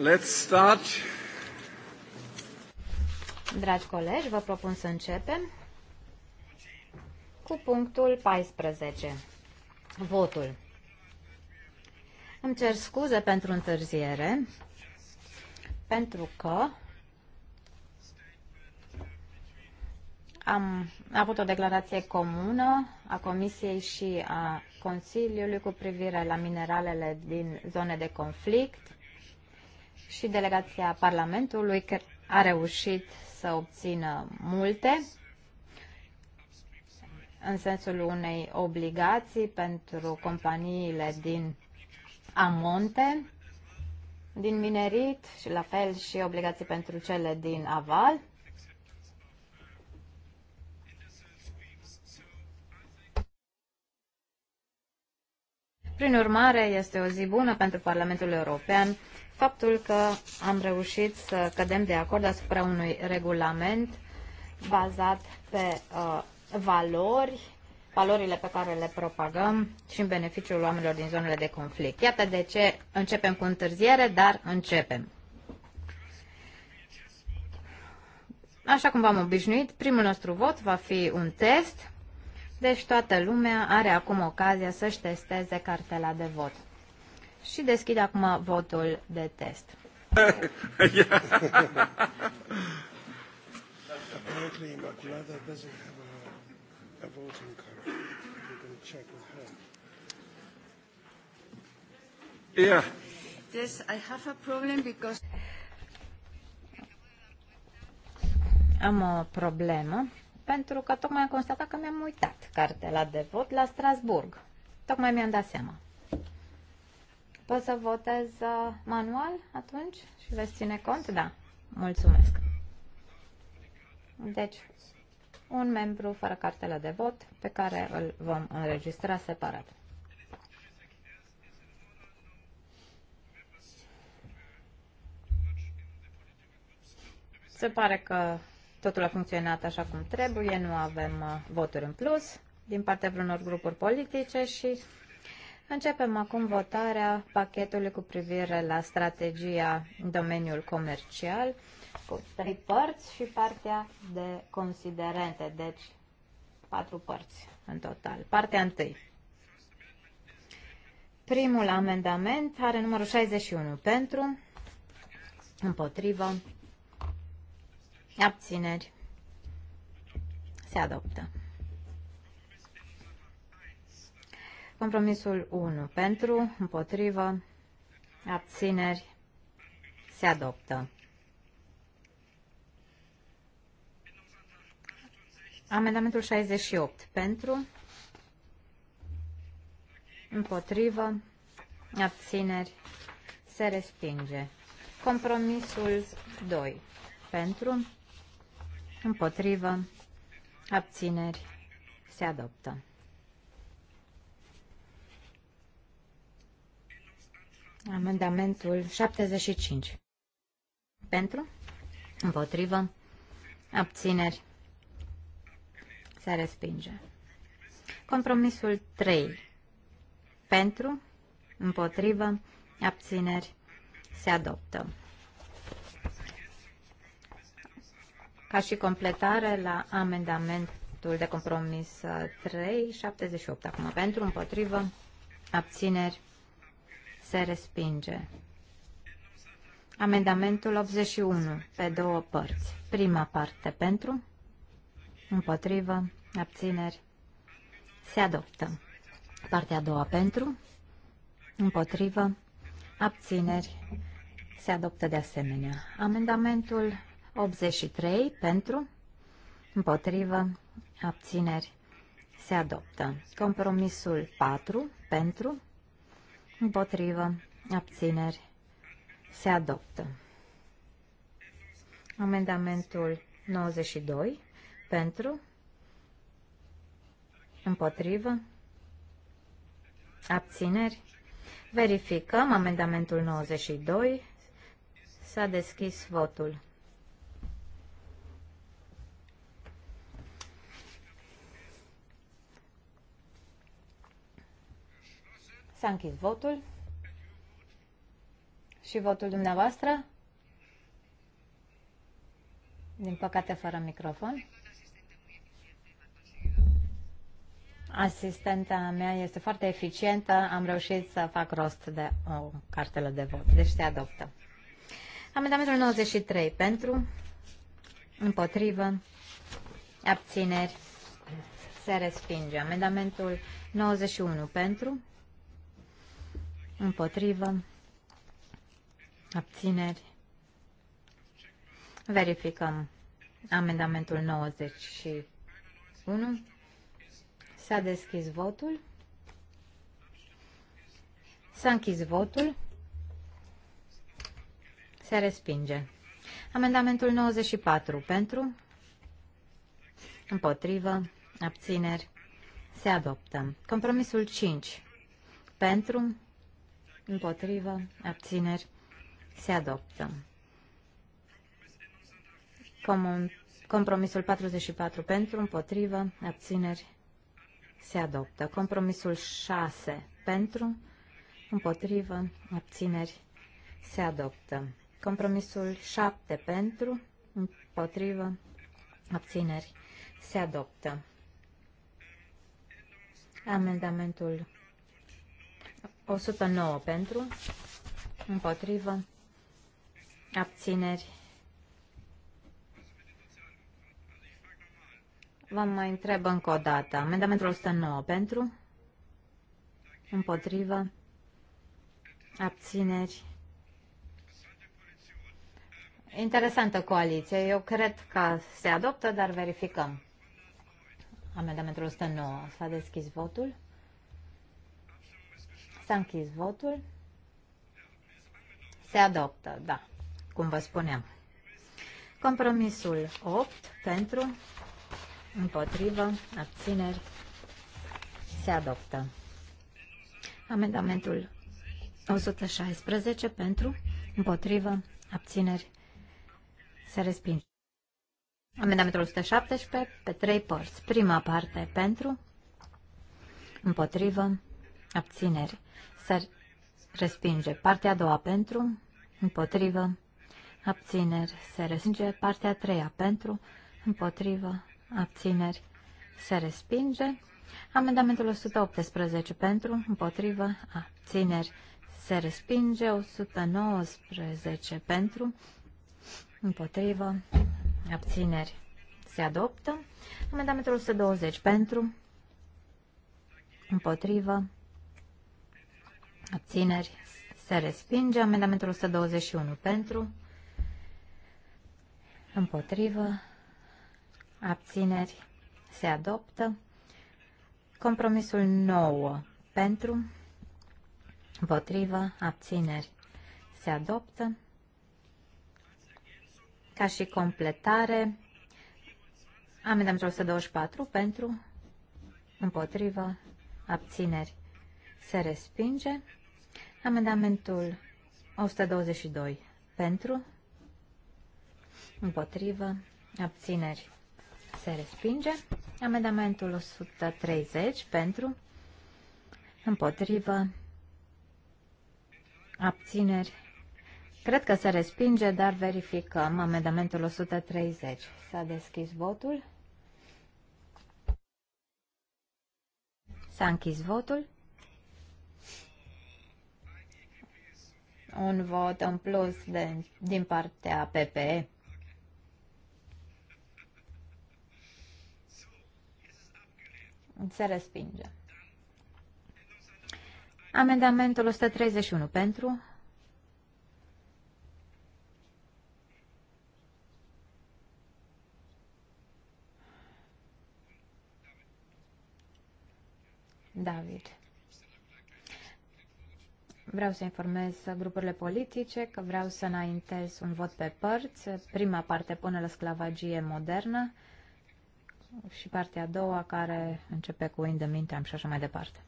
Let's start. Dragi colegi, vă propun să începem cu punctul 14. Votul. Îmi cer scuze pentru întârziere, pentru că am avut o declarație comună a Comisiei și a Consiliului cu privire la mineralele din zone de conflict și delegația Parlamentului a reușit să obțină multe în sensul unei obligații pentru companiile din amonte, din minerit și la fel și obligații pentru cele din aval. Prin urmare, este o zi bună pentru Parlamentul European faptul că am reușit să cădem de acord asupra unui regulament bazat pe uh, valori, valorile pe care le propagăm și în beneficiul oamenilor din zonele de conflict. Iată de ce începem cu întârziere, dar începem. Așa cum v-am obișnuit, primul nostru vot va fi un test, deci toată lumea are acum ocazia să-și testeze cartela de vot și deschid acum votul de test. Yeah. Yes, I have a problem because... Am o problemă pentru că tocmai am constatat că mi-am uitat cartela de vot la Strasburg. Tocmai mi-am dat seama. Pot să votez uh, manual atunci și veți ține cont? Da. Mulțumesc. Deci, un membru fără cartela de vot pe care îl vom înregistra separat. Se pare că totul a funcționat așa cum trebuie, nu avem uh, voturi în plus din partea vreunor grupuri politice și Începem acum votarea pachetului cu privire la strategia în domeniul comercial cu trei părți și partea de considerente, deci patru părți în total. Partea întâi. Primul amendament are numărul 61 pentru, împotrivă, abțineri, se adoptă. Compromisul 1 pentru, împotrivă, abțineri, se adoptă. Amendamentul 68 pentru, împotrivă, abțineri, se respinge. Compromisul 2 pentru, împotrivă, abțineri, se adoptă. Amendamentul 75. Pentru? Împotrivă? Abțineri? Se respinge. Compromisul 3. Pentru? Împotrivă? Abțineri? Se adoptă. Ca și completare la amendamentul de compromis 3, uh, 78 acum pentru, împotrivă, abțineri, se respinge. Amendamentul 81, pe două părți. Prima parte pentru, împotrivă, abțineri, se adoptă. Partea a doua pentru, împotrivă, abțineri, se adoptă de asemenea. Amendamentul 83, pentru, împotrivă, abțineri, se adoptă. Compromisul 4, pentru, Împotrivă. Abțineri. Se adoptă. Amendamentul 92. Pentru. Împotrivă. Abțineri. Verificăm amendamentul 92. S-a deschis votul. S-a închis votul. Și votul dumneavoastră? Din păcate, fără microfon. Asistenta mea este foarte eficientă, am reușit să fac rost de o cartelă de vot, deci se adoptă. Amendamentul 93 pentru, împotrivă, abțineri, se respinge. Amendamentul 91 pentru, Împotrivă. Abțineri. Verificăm amendamentul 91. S-a deschis votul. S-a închis votul. Se respinge. Amendamentul 94 pentru, împotrivă, abțineri, se adoptă. Compromisul 5 pentru, împotrivă, abțineri, se adoptă. Comun Compromisul 44 pentru, împotrivă, abțineri, se adoptă. Compromisul 6 pentru, împotrivă, abțineri, se adoptă. Compromisul 7 pentru, împotrivă, abțineri, se adoptă. Amendamentul 109 pentru, împotrivă, abțineri. Vă mai întreb încă o dată. Amendamentul 109 pentru, împotrivă, abțineri. Interesantă coaliție. Eu cred că se adoptă, dar verificăm. Amendamentul 109. S-a deschis votul. S-a închis votul. Se adoptă, da, cum vă spuneam. Compromisul 8 pentru, împotrivă, abțineri, se adoptă. Amendamentul 116 pentru, împotrivă, abțineri, se respinge. Amendamentul 117 pe trei părți. Prima parte pentru, împotrivă, abțineri, se respinge. Partea a doua pentru, împotrivă, abțineri, se respinge. Partea a treia pentru, împotrivă, abțineri, se respinge. Amendamentul 118 pentru, împotrivă, abțineri, se respinge. 119 pentru, împotrivă, abțineri, se adoptă. Amendamentul 120 pentru, împotrivă, Abțineri. Se respinge. Amendamentul 121 pentru. Împotrivă. Abțineri. Se adoptă. Compromisul 9 pentru. Împotrivă. Abțineri. Se adoptă. Ca și completare. Amendamentul 124 pentru. Împotrivă. Abțineri. Se respinge. Amendamentul 122 pentru, împotrivă, abțineri se respinge. Amendamentul 130 pentru, împotrivă, abțineri. Cred că se respinge, dar verificăm amendamentul 130. S-a deschis votul. S-a închis votul. un vot în plus de, din partea PPE. Se respinge. Amendamentul 131 pentru. David. Vreau să informez grupurile politice că vreau să înaintez un vot pe părți, prima parte până la sclavagie modernă și partea a doua care începe cu In the meantime și așa mai departe.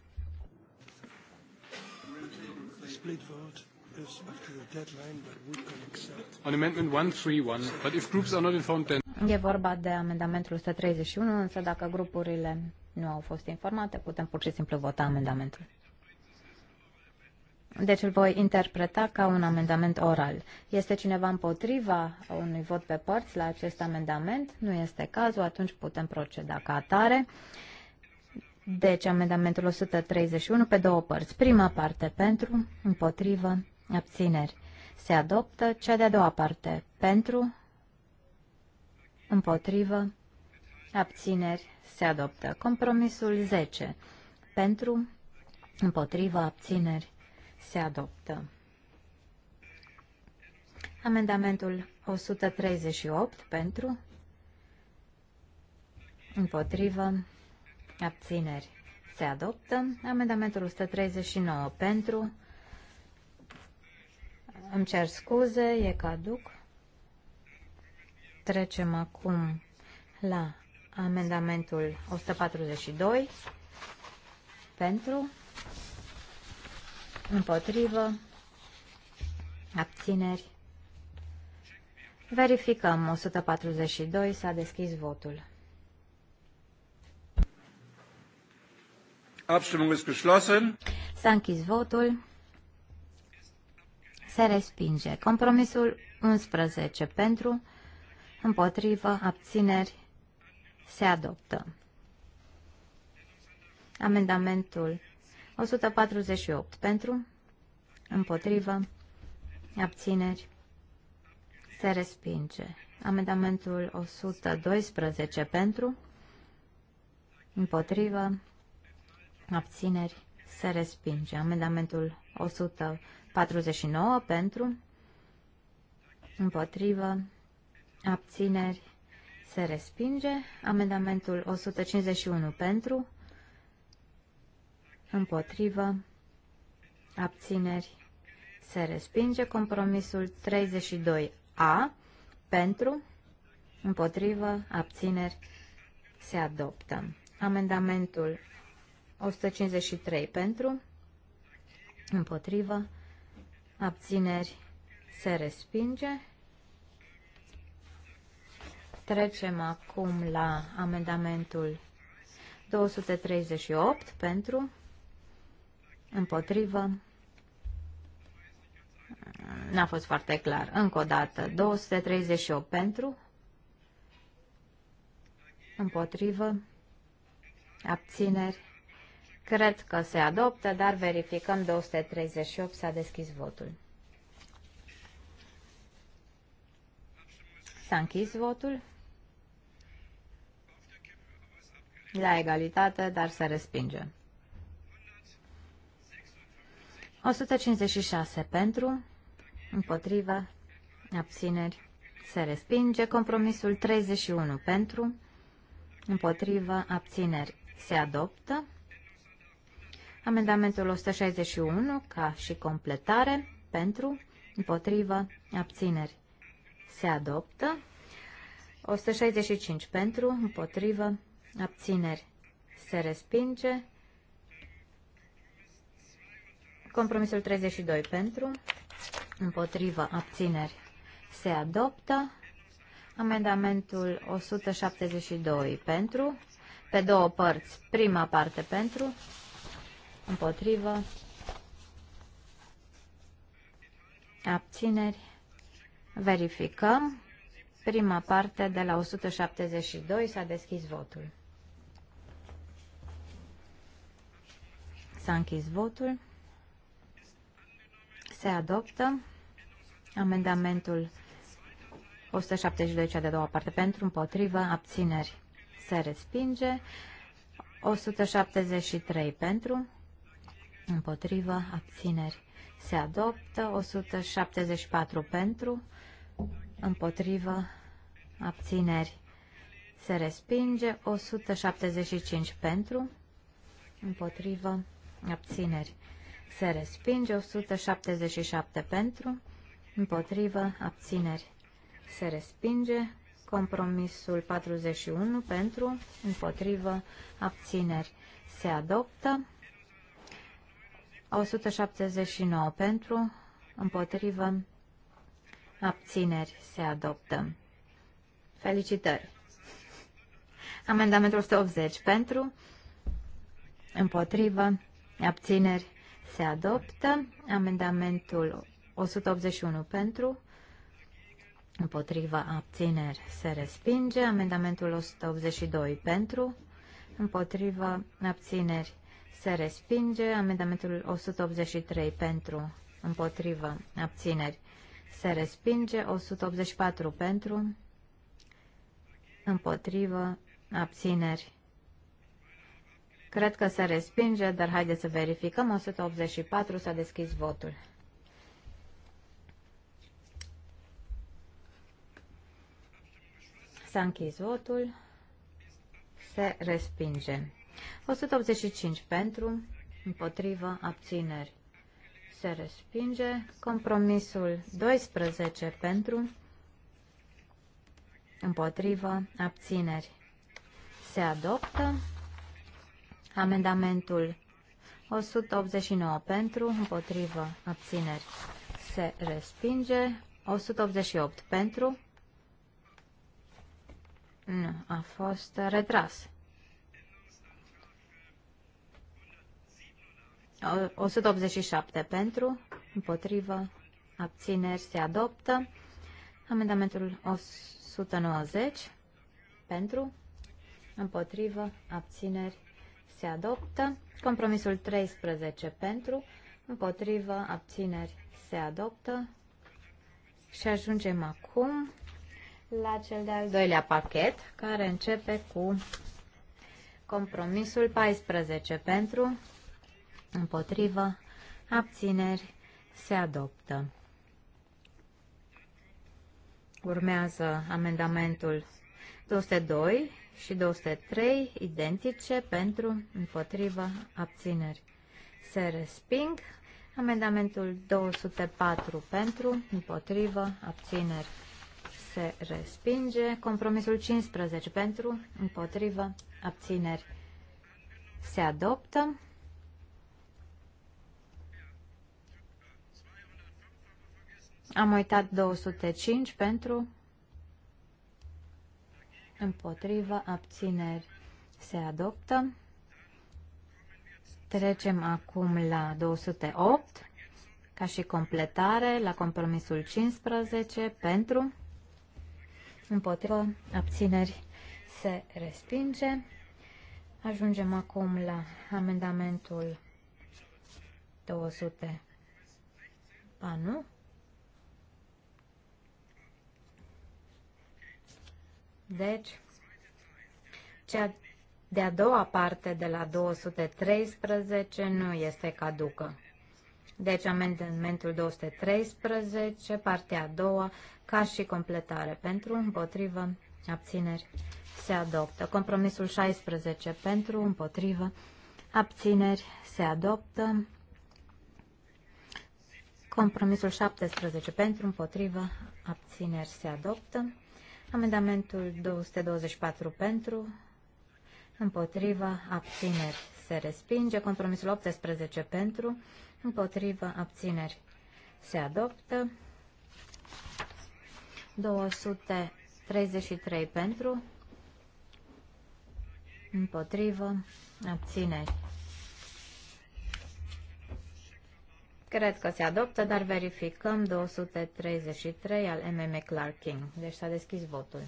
E vorba de amendamentul 131, însă dacă grupurile nu au fost informate, putem pur și simplu vota amendamentul. Deci îl voi interpreta ca un amendament oral. Este cineva împotriva unui vot pe părți la acest amendament? Nu este cazul, atunci putem proceda ca atare. Deci amendamentul 131 pe două părți. Prima parte pentru, împotrivă, abțineri. Se adoptă cea de-a doua parte pentru, împotrivă, abțineri. Se adoptă compromisul 10 pentru, împotrivă, abțineri se adoptă. Amendamentul 138 pentru, împotrivă, abțineri se adoptă. Amendamentul 139 pentru, îmi cer scuze, e caduc. Trecem acum la amendamentul 142 pentru, Împotrivă. Abțineri. Verificăm. 142. S-a deschis votul. Abstimmung ist geschlossen. S-a închis votul. Se respinge. Compromisul 11 pentru, împotrivă, abțineri, se adoptă. Amendamentul 148 pentru, împotrivă, abțineri, se respinge. Amendamentul 112 pentru, împotrivă, abțineri, se respinge. Amendamentul 149 pentru, împotrivă, abțineri, se respinge. Amendamentul 151 pentru, împotrivă, abțineri, se respinge. Compromisul 32A, pentru, împotrivă, abțineri, se adoptă. Amendamentul 153 pentru, împotrivă, abțineri, se respinge. Trecem acum la amendamentul 238 pentru, împotrivă, n-a fost foarte clar. Încă o dată, 238 pentru, împotrivă, abțineri. Cred că se adoptă, dar verificăm 238, s-a deschis votul. S-a închis votul. La egalitate, dar se respinge. 156 pentru, împotriva, abțineri, se respinge. Compromisul 31 pentru, împotriva, abțineri, se adoptă. Amendamentul 161 ca și completare pentru, împotriva, abțineri, se adoptă. 165 pentru, împotrivă, abțineri, se respinge. Compromisul 32 pentru, împotrivă, abțineri se adoptă. Amendamentul 172 pentru, pe două părți, prima parte pentru, împotrivă, abțineri, verificăm. Prima parte de la 172 s-a deschis votul. S-a închis votul se adoptă. Amendamentul 172, de-a doua parte, pentru, împotrivă, abțineri, se respinge. 173 pentru, împotrivă, abțineri, se adoptă. 174 pentru, împotrivă, abțineri, se respinge. 175 pentru, împotrivă, abțineri, se respinge, 177 pentru, împotrivă, abțineri, se respinge, compromisul 41 pentru, împotrivă, abțineri, se adoptă, 179 pentru, împotrivă, abțineri, se adoptă. Felicitări! Amendamentul 180 pentru, împotrivă, abțineri, se adoptă. Amendamentul 181 pentru, împotriva abțineri se respinge. Amendamentul 182 pentru, împotriva abțineri se respinge. Amendamentul 183 pentru, împotriva abțineri se respinge. 184 pentru, împotriva abțineri Cred că se respinge, dar haideți să verificăm. 184 s-a deschis votul. S-a închis votul. Se respinge. 185 pentru, împotrivă, abțineri. Se respinge. Compromisul 12 pentru, împotrivă, abțineri. Se adoptă. Amendamentul 189 pentru, împotrivă, abțineri se respinge. 188 pentru. Nu, a fost retras. 187 pentru, împotrivă, abțineri se adoptă. Amendamentul 190 pentru, împotrivă, abțineri se adoptă. Compromisul 13 pentru, împotrivă, abțineri, se adoptă. Și ajungem acum la cel de-al doilea pachet, care începe cu compromisul 14 pentru, împotrivă, abțineri, se adoptă. Urmează amendamentul 202 și 203 identice pentru împotriva abțineri. Se resping amendamentul 204 pentru împotriva abțineri. Se respinge compromisul 15 pentru împotriva abțineri. Se adoptă Am uitat 205 pentru Împotriva abțineri se adoptă. Trecem acum la 208, ca și completare, la compromisul 15, pentru, Împotriva abțineri se respinge. Ajungem acum la amendamentul 200. Ba nu, Deci, cea de-a doua parte de la 213 nu este caducă. Deci amendamentul 213, partea a doua, ca și completare pentru, împotrivă, abțineri, se adoptă. Compromisul 16 pentru, împotrivă, abțineri, se adoptă. Compromisul 17 pentru, împotrivă, abțineri, se adoptă. Amendamentul 224 pentru, împotriva, abțineri se respinge. Compromisul 18 pentru, împotriva, abțineri se adoptă. 233 pentru, împotrivă, abțineri Cred că se adoptă, dar verificăm 233 al MM Clark King. Deci s-a deschis votul.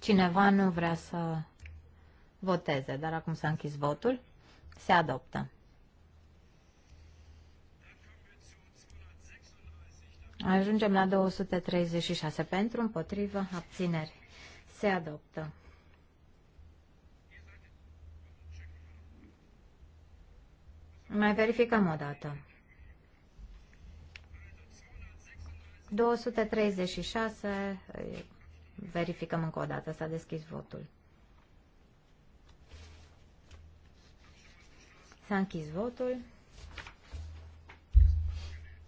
Cineva nu vrea să voteze, dar acum s-a închis votul. Se adoptă. Ajungem la 236 pentru, împotrivă, abțineri se adoptă. Mai verificăm o dată. 236, verificăm încă o dată, s-a deschis votul. S-a închis votul.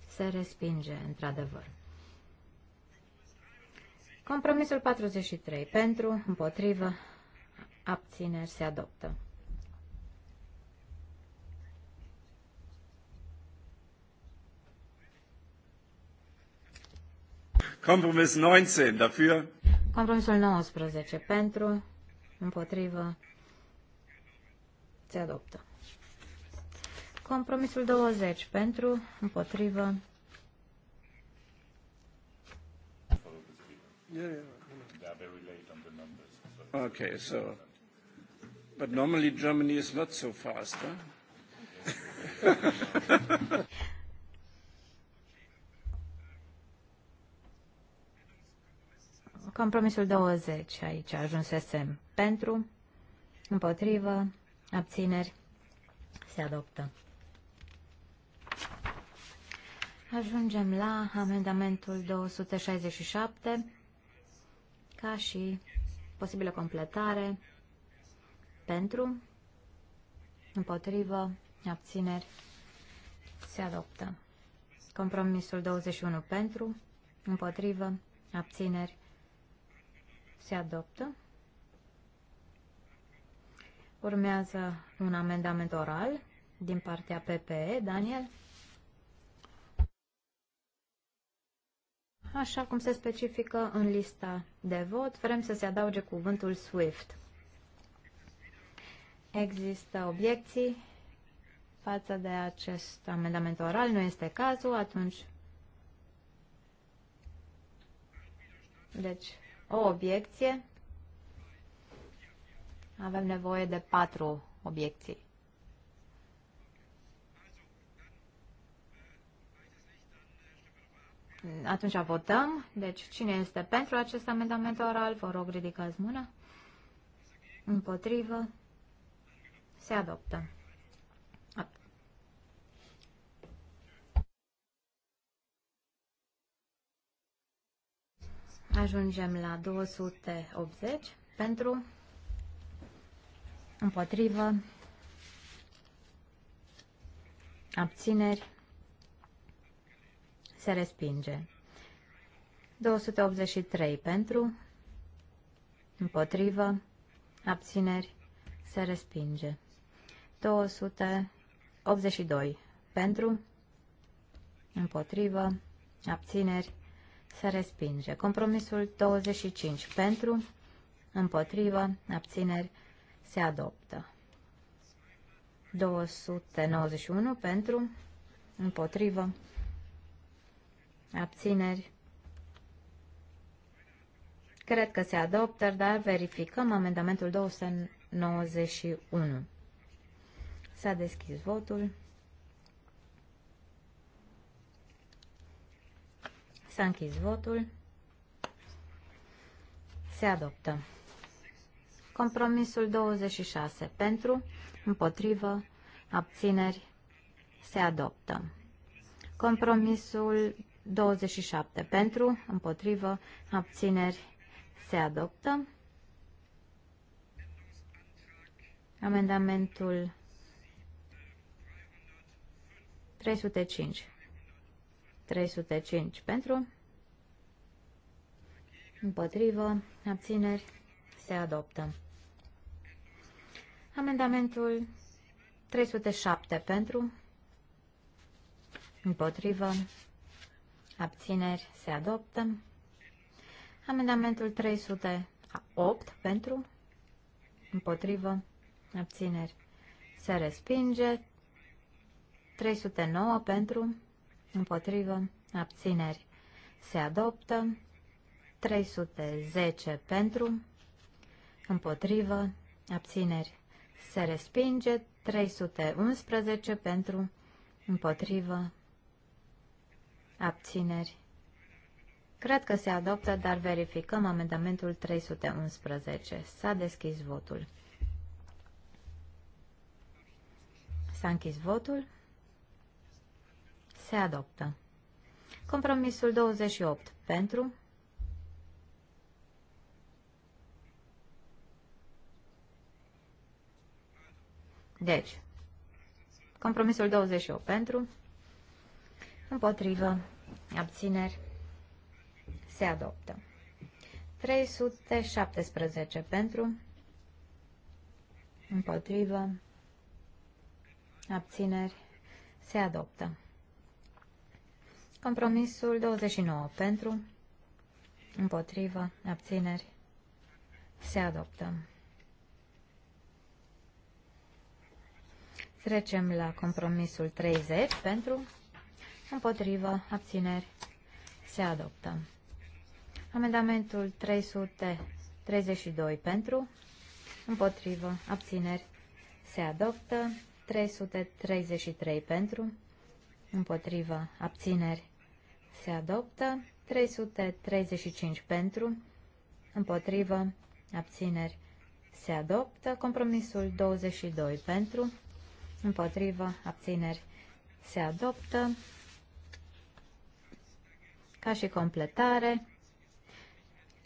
Se respinge, într-adevăr. Compromisul 43. Pentru, împotrivă, abțineri se adoptă. Compromis 19. Dafür. Compromisul 19. Pentru, împotrivă, se adoptă. Compromisul 20. Pentru, împotrivă, Yeah, yeah. They are very late on the numbers. So okay, so. But normally Germany is not so fast, huh? Compromisul 20 aici ajunsesem pentru, împotrivă, abțineri, se adoptă. Ajungem la amendamentul 267 ca și posibilă completare pentru, împotrivă, abțineri, se adoptă. Compromisul 21 pentru, împotrivă, abțineri, se adoptă. Urmează un amendament oral din partea PPE. Daniel? așa cum se specifică în lista de vot, vrem să se adauge cuvântul SWIFT. Există obiecții față de acest amendament oral? Nu este cazul, atunci... Deci, o obiecție. Avem nevoie de patru obiecții. Atunci votăm. Deci cine este pentru acest amendament oral? Vă rog, ridicați mâna. Împotrivă. Se adoptă. Ajungem la 280 pentru împotrivă abțineri se respinge. 283 pentru, împotrivă, abțineri, se respinge. 282 pentru, împotrivă, abțineri, se respinge. Compromisul 25 pentru, împotrivă, abțineri, se adoptă. 291 pentru, împotrivă, Abțineri. Cred că se adoptă, dar verificăm amendamentul 291. S-a deschis votul. S-a închis votul. Se adoptă. Compromisul 26. Pentru, împotrivă, abțineri, se adoptă. Compromisul 27 pentru, împotrivă, abțineri, se adoptă. Amendamentul 305. 305 pentru, împotrivă, abțineri, se adoptă. Amendamentul 307 pentru, împotrivă, abțineri se adoptă. Amendamentul 308 pentru, împotrivă, abțineri se respinge. 309 pentru, împotrivă, abțineri se adoptă. 310 pentru, împotrivă, abțineri se respinge. 311 pentru, împotrivă, Abțineri. Cred că se adoptă, dar verificăm amendamentul 311. S-a deschis votul. S-a închis votul. Se adoptă. Compromisul 28. Pentru. Deci, compromisul 28 pentru, Împotrivă. Abțineri. Se adoptă. 317 pentru. Împotrivă. Abțineri. Se adoptă. Compromisul 29 pentru. Împotrivă. Abțineri. Se adoptă. Trecem la compromisul 30 pentru Împotrivă. Abțineri. Se adoptă. Amendamentul 332 pentru. Împotrivă. Abțineri. Se adoptă. 333 pentru. Împotrivă. Abțineri. Se adoptă. 335 pentru. Împotrivă. Abțineri. Se adoptă. Compromisul 22 pentru. Împotrivă. Abțineri. Se adoptă. Ca și completare,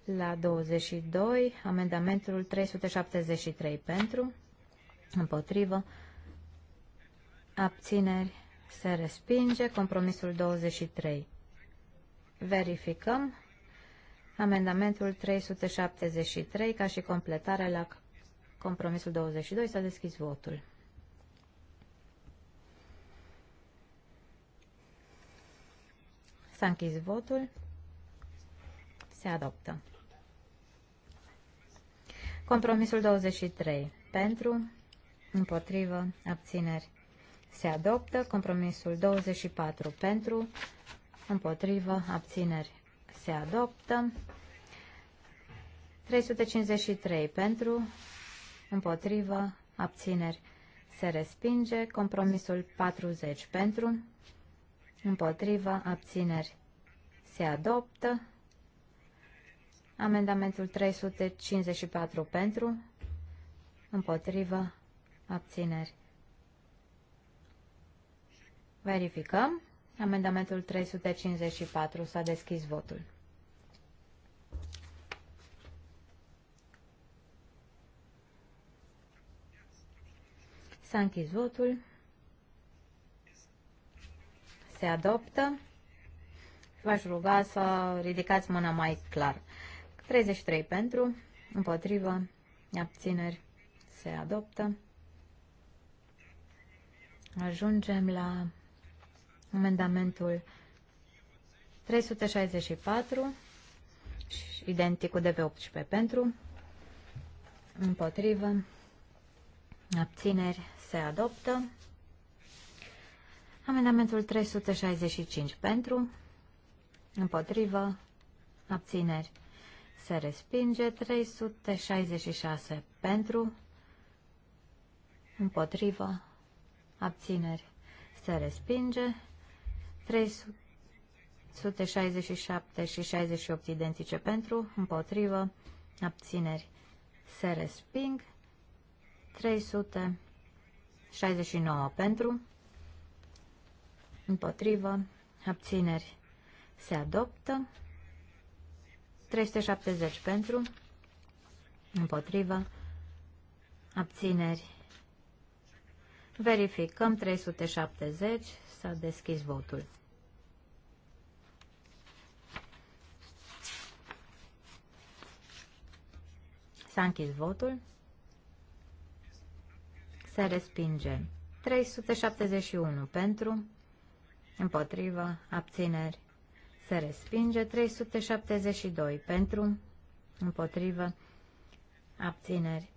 la 22, amendamentul 373 pentru, împotrivă, abțineri, se respinge, compromisul 23. Verificăm amendamentul 373 ca și completare la compromisul 22. S-a deschis votul. S-a închis votul. Se adoptă. Compromisul 23. Pentru, împotrivă, abțineri. Se adoptă. Compromisul 24. Pentru, împotrivă, abțineri. Se adoptă. 353. Pentru, împotrivă, abțineri. Se respinge. Compromisul 40. Pentru, împotriva, abțineri se adoptă. Amendamentul 354 pentru, împotriva, abțineri. Verificăm. Amendamentul 354 s-a deschis votul. S-a închis votul se adoptă. V-aș ruga să ridicați mâna mai clar. 33 pentru, împotrivă, abțineri, se adoptă. Ajungem la amendamentul 364, identic cu DV18 pentru, împotrivă, abțineri, se adoptă. Amendamentul 365 pentru, împotrivă, abțineri. Se respinge 366 pentru, împotrivă, abțineri. Se respinge 367 și 68 identice pentru, împotrivă, abțineri. Se resping 369 pentru, împotrivă, abțineri se adoptă, 370 pentru, împotrivă, abțineri. Verificăm 370, s-a deschis votul. S-a închis votul. Se respinge. 371 pentru, împotrivă, abțineri, se respinge. 372 pentru, împotrivă, abțineri.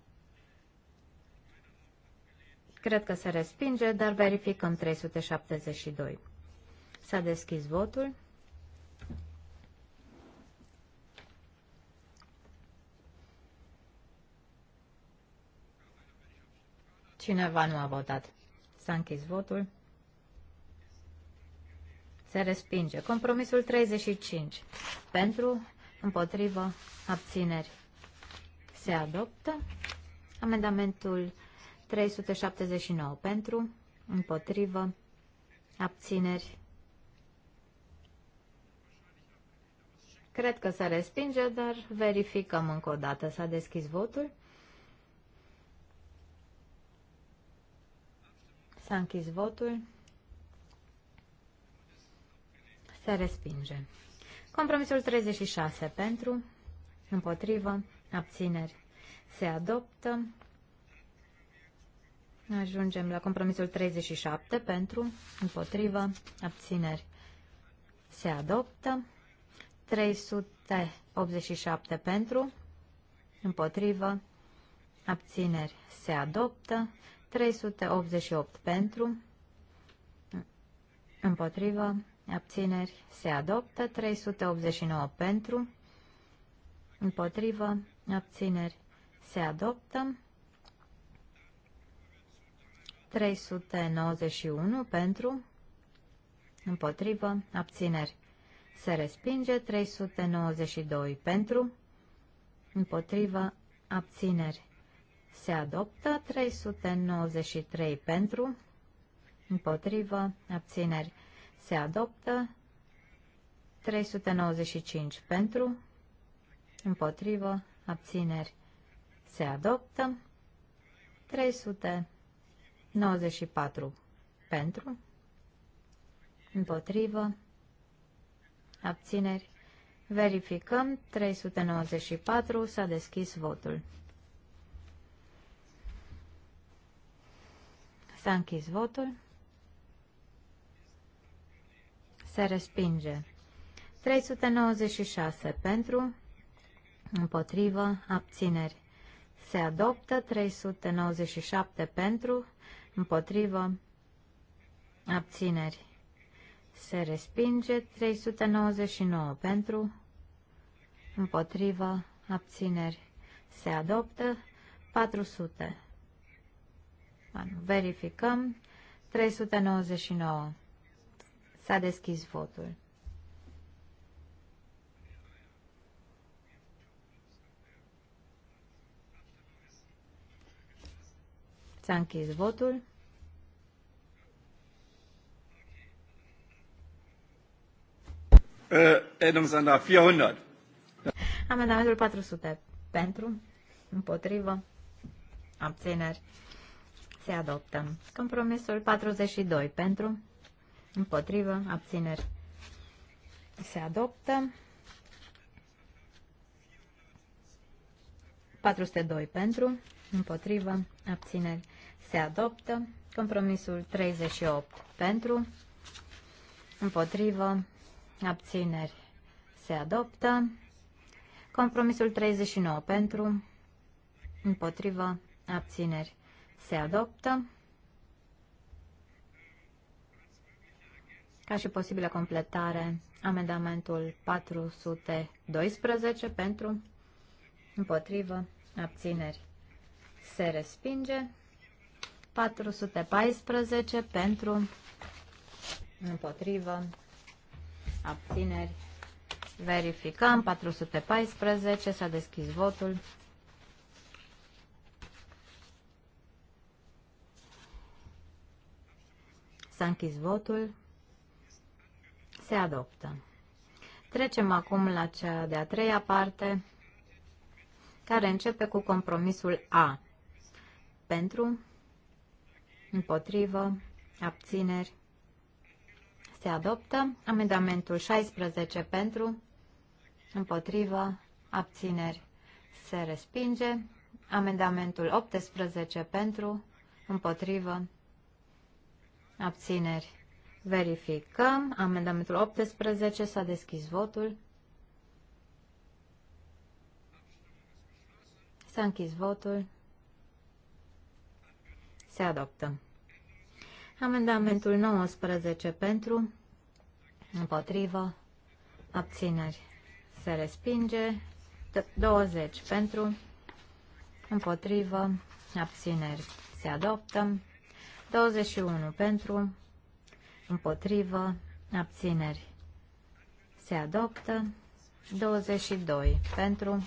Cred că se respinge, dar verificăm 372. S-a deschis votul. Cineva nu a votat. S-a închis votul se respinge. Compromisul 35 pentru, împotrivă, abțineri se adoptă. Amendamentul 379 pentru, împotrivă, abțineri. Cred că se respinge, dar verificăm încă o dată. S-a deschis votul. S-a închis votul. se respinge. Compromisul 36 pentru, împotrivă, abțineri, se adoptă. Ajungem la compromisul 37 pentru, împotrivă, abțineri, se adoptă. 387 pentru, împotrivă, abțineri, se adoptă. 388 pentru, împotrivă, abțineri, se adoptă. 389 pentru, împotrivă, abțineri, se adoptă. 391 pentru, împotrivă, abțineri, se respinge. 392 pentru, împotrivă, abțineri, se adoptă. 393 pentru, împotrivă, abțineri, se adoptă. 395 pentru, împotrivă, abțineri, se adoptă. 394 pentru, împotrivă, abțineri. Verificăm, 394 s-a deschis votul. S-a închis votul. se respinge. 396 pentru, împotrivă, abțineri. Se adoptă 397 pentru, împotrivă, abțineri. Se respinge 399 pentru, împotrivă, abțineri. Se adoptă 400. Verificăm 399. S-a deschis votul. S-a închis votul. Änderungsantrag äh, 400. Amendamentul 400 pentru, împotrivă, abțineri, se adoptă. Compromisul 42 pentru, împotrivă, abțineri se adoptă. 402 pentru, împotrivă, abțineri se adoptă. Compromisul 38 pentru, împotrivă, abțineri se adoptă. Compromisul 39 pentru, împotrivă, abțineri se adoptă. Ca și posibilă completare, amendamentul 412 pentru, împotrivă, abțineri se respinge. 414 pentru, împotrivă, abțineri. Verificăm. 414 s-a deschis votul. S-a închis votul se adoptă. Trecem acum la cea de-a treia parte, care începe cu compromisul A. Pentru, împotrivă, abțineri, se adoptă. Amendamentul 16 pentru, împotrivă, abțineri, se respinge. Amendamentul 18 pentru, împotrivă, abțineri, Verificăm. Amendamentul 18 s-a deschis votul. S-a închis votul. Se adoptă. Amendamentul 19 pentru, împotrivă, abțineri. Se respinge. 20 pentru, împotrivă, abțineri. Se adoptă. 21 pentru, împotrivă, abțineri se adoptă. 22 pentru,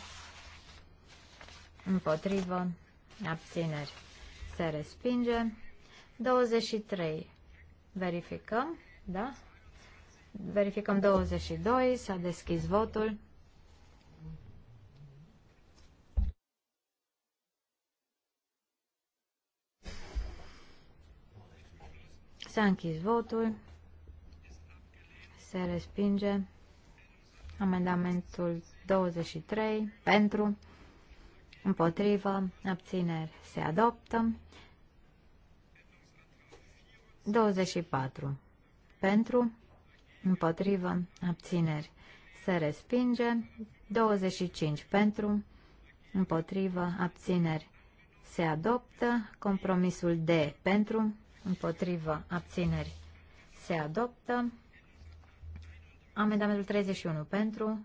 împotrivă, abțineri se respinge. 23 verificăm, da? Verificăm 22, s-a deschis votul. S-a închis votul. Se respinge amendamentul 23 pentru, împotrivă, abțineri. Se adoptă. 24 pentru, împotrivă, abțineri. Se respinge. 25 pentru, împotrivă, abțineri. Se adoptă compromisul D pentru, împotrivă, abțineri, se adoptă. Amendamentul 31 pentru,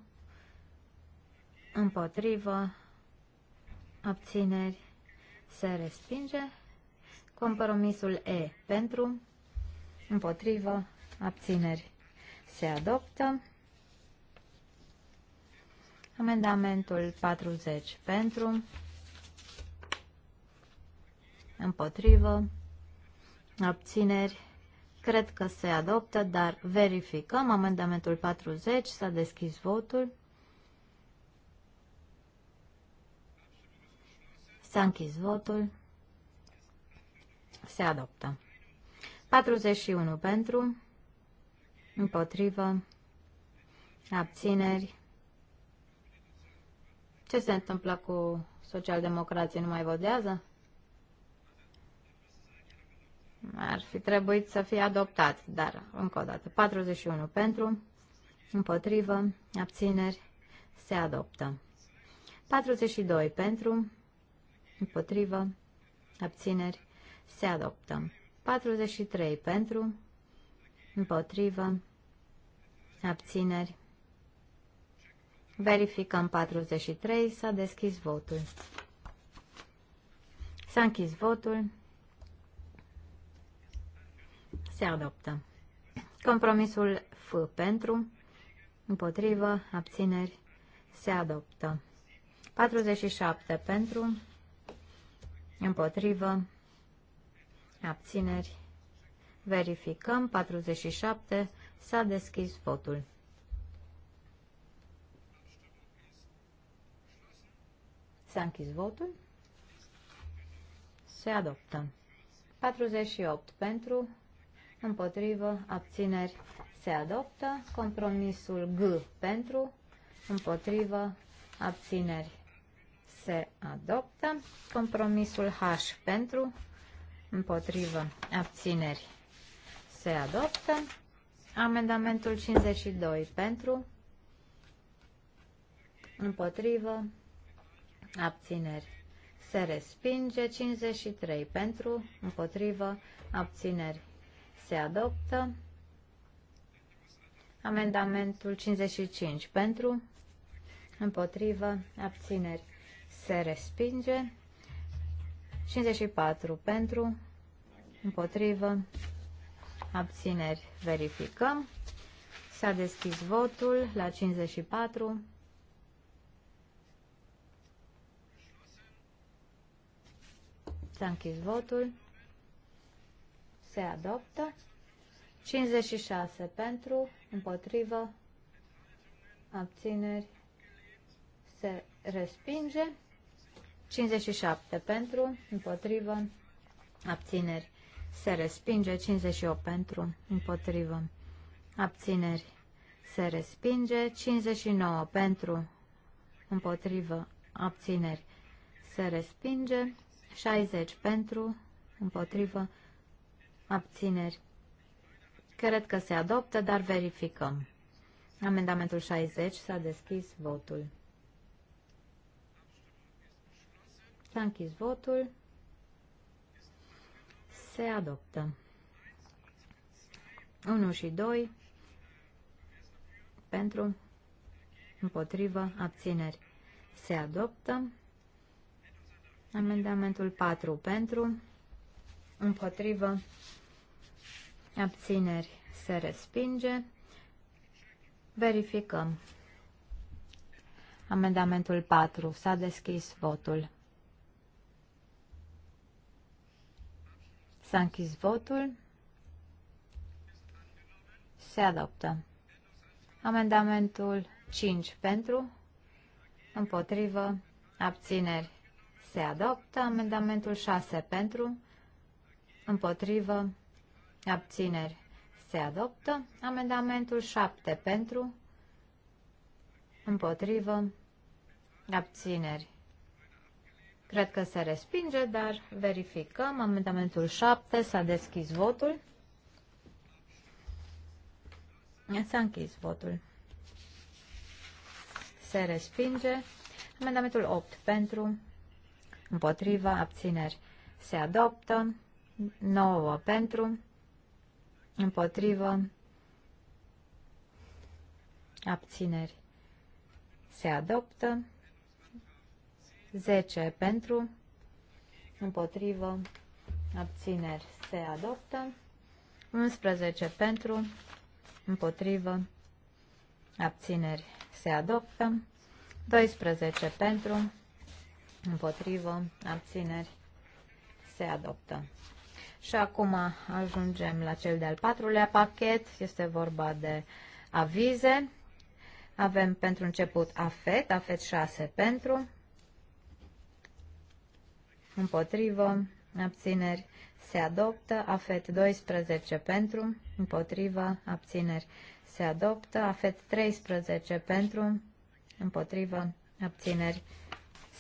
împotrivă, abțineri, se respinge. Compromisul E pentru, împotrivă, abțineri, se adoptă. Amendamentul 40 pentru, împotrivă, abțineri, cred că se adoptă, dar verificăm. Amendamentul 40, s-a deschis votul. S-a închis votul. Se adoptă. 41 pentru, împotrivă, abțineri. Ce se întâmplă cu socialdemocrații? Nu mai votează? ar fi trebuit să fie adoptat, dar încă o dată, 41 pentru, împotrivă, abțineri, se adoptă. 42 pentru, împotrivă, abțineri, se adoptă. 43 pentru, împotrivă, abțineri. Verificăm 43, s-a deschis votul. S-a închis votul se adoptă. Compromisul F pentru, împotrivă, abțineri, se adoptă. 47 pentru, împotrivă, abțineri, verificăm. 47 s-a deschis votul. S-a închis votul. Se adoptă. 48 pentru, împotrivă, abțineri, se adoptă. Compromisul G pentru, împotrivă, abțineri, se adoptă. Compromisul H pentru, împotrivă, abțineri, se adoptă. Amendamentul 52 pentru, împotrivă, abțineri. Se respinge 53 pentru, împotrivă, abțineri se adoptă. Amendamentul 55 pentru, împotrivă, abțineri se respinge. 54 pentru, împotrivă, abțineri verificăm. S-a deschis votul la 54. S-a închis votul se adoptă. 56 pentru, împotrivă, abțineri, se respinge. 57 pentru, împotrivă, abțineri, se respinge. 58 pentru, împotrivă, abțineri, se respinge. 59 pentru, împotrivă, abțineri, se respinge. 60 pentru, împotrivă, abțineri Abțineri. Cred că se adoptă, dar verificăm. Amendamentul 60 s-a deschis votul. S-a închis votul. Se adoptă. 1 și 2 pentru, împotrivă, abțineri. Se adoptă. Amendamentul 4 pentru, împotrivă, abțineri se respinge. Verificăm. Amendamentul 4. S-a deschis votul. S-a închis votul. Se adoptă. Amendamentul 5 pentru, împotrivă, abțineri. Se adoptă. Amendamentul 6 pentru, împotrivă, abțineri, se adoptă. Amendamentul 7 pentru, împotrivă, abțineri. Cred că se respinge, dar verificăm. Amendamentul 7 s-a deschis votul. S-a închis votul. Se respinge. Amendamentul 8 pentru, împotriva, abțineri. Se adoptă. 9 pentru, împotrivă, abțineri. Se adoptă 10 pentru, împotrivă, abțineri. Se adoptă 11 pentru, împotrivă, abțineri. Se adoptă 12 pentru, împotrivă, abțineri. Se adoptă. Și acum ajungem la cel de-al patrulea pachet. Este vorba de avize. Avem pentru început AFET, AFET 6 pentru, împotrivă, abțineri, se adoptă, AFET 12 pentru, împotrivă, abțineri, se adoptă, AFET 13 pentru, împotrivă, abțineri,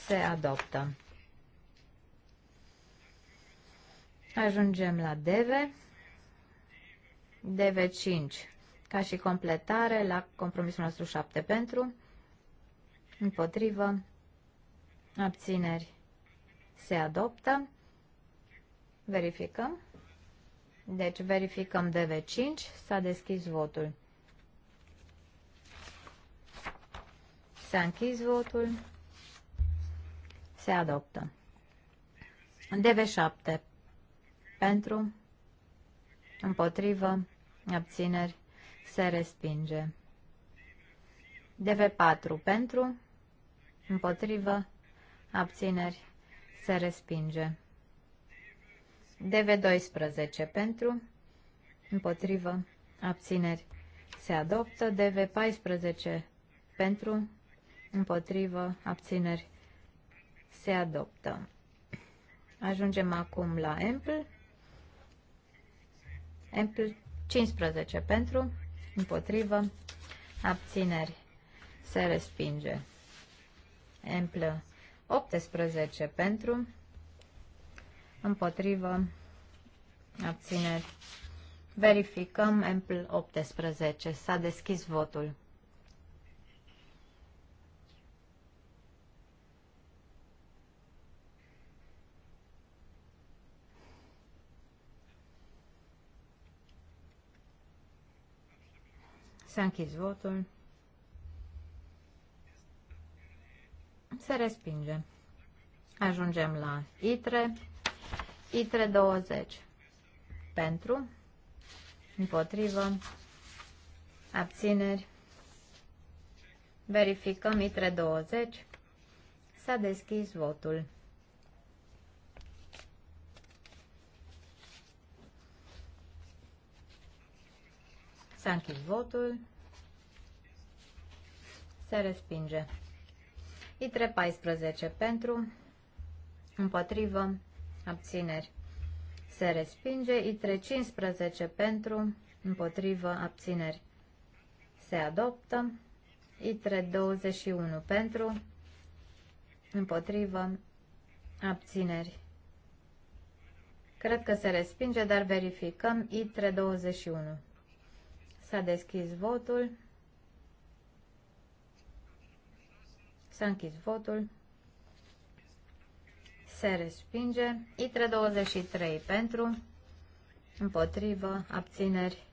se adoptă. Ajungem la DV. DV5 ca și completare la compromisul nostru 7 pentru, împotrivă, abțineri se adoptă. Verificăm. Deci verificăm DV5, s-a deschis votul. S-a închis votul. Se adoptă. DV7 pentru, împotrivă, abțineri, se respinge. DV4 pentru, împotrivă, abțineri, se respinge. DV12 pentru, împotrivă, abțineri, se adoptă. DV14 pentru, împotrivă, abțineri, se adoptă. Ajungem acum la Ample. Empl 15 pentru, împotrivă, abțineri, se respinge. Empl 18 pentru, împotrivă, abțineri. Verificăm Empl 18. S-a deschis votul. S-a închis votul. Se respinge. Ajungem la ITRE. ITRE 20. Pentru. Împotrivă. Abțineri. Verificăm ITRE 20. S-a deschis votul. S-a închis votul. Se respinge. ITRE 14 pentru, împotrivă, abțineri. Se respinge. ITRE 15 pentru, împotrivă, abțineri. Se adoptă. ITRE 21 pentru, împotrivă, abțineri. Cred că se respinge, dar verificăm ITRE 21. S-a deschis votul. S-a închis votul. Se respinge. ITRE 23 pentru. Împotrivă. Abțineri.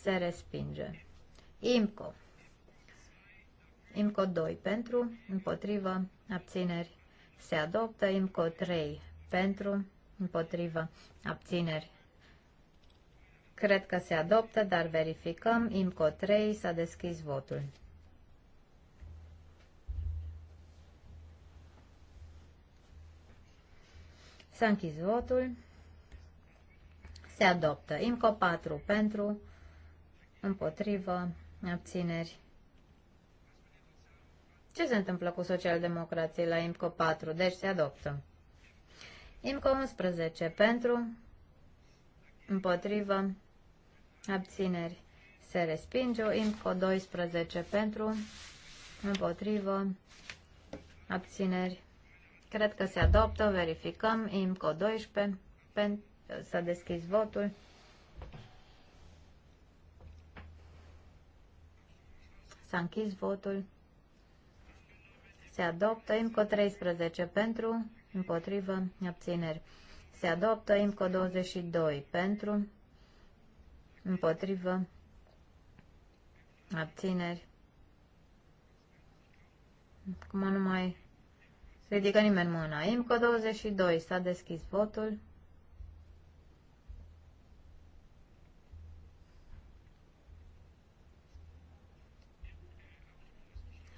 Se respinge. IMCO. IMCO 2 pentru. Împotrivă. Abțineri. Se adoptă. IMCO 3 pentru. Împotrivă. Abțineri. Cred că se adoptă, dar verificăm. IMCO 3 s-a deschis votul. S-a închis votul. Se adoptă. IMCO 4 pentru, împotrivă, abțineri. Ce se întâmplă cu socialdemocrații la IMCO 4? Deci se adoptă. IMCO 11 pentru, împotrivă, abțineri se respinge, o IMCO 12 pentru, împotrivă, abțineri, cred că se adoptă, verificăm, Info 12, pentru, să deschizi deschis votul. S-a închis votul. Se adoptă IMCO 13 pentru, împotrivă, abțineri. Se adoptă IMCO 22 pentru, împotrivă, abțineri. Acum nu mai ridică nimeni mâna. IMCO 22 s-a deschis votul.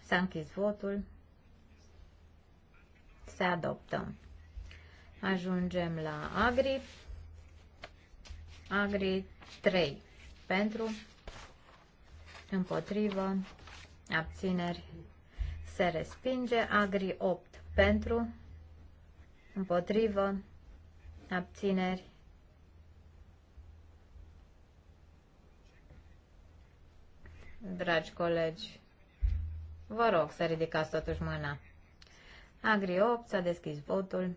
S-a închis votul. Se adoptă. Ajungem la Agri. Agri 3 pentru, împotrivă, abțineri, se respinge. Agri 8 pentru, împotrivă, abțineri. Dragi colegi, vă rog să ridicați totuși mâna. Agri 8 s-a deschis votul.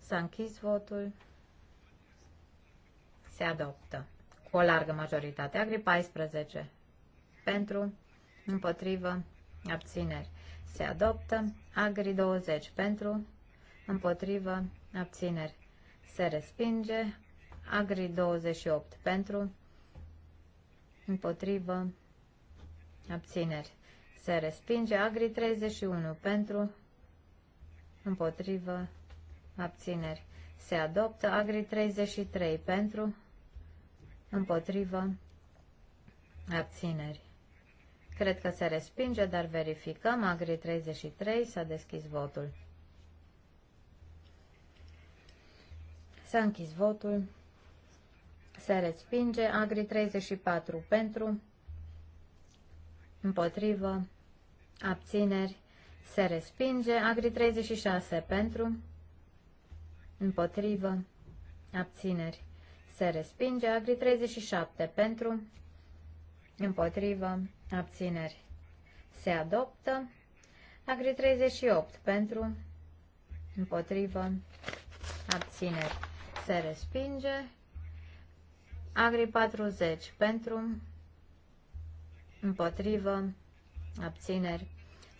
S-a închis votul se adoptă cu o largă majoritate. Agri 14 pentru, împotrivă, abțineri se adoptă. Agri 20 pentru, împotrivă, abțineri se respinge. Agri 28 pentru, împotrivă, abțineri se respinge. Agri 31 pentru, împotrivă, abțineri se adoptă. Agri 33 pentru, împotrivă, abțineri. Cred că se respinge, dar verificăm. Agri 33 s-a deschis votul. S-a închis votul. Se respinge. Agri 34 pentru. Împotrivă. Abțineri. Se respinge. Agri 36 pentru. Împotrivă. Abțineri se respinge. Agri 37 pentru, împotrivă, abțineri se adoptă. Agri 38 pentru, împotrivă, abțineri se respinge. Agri 40 pentru, împotrivă, abțineri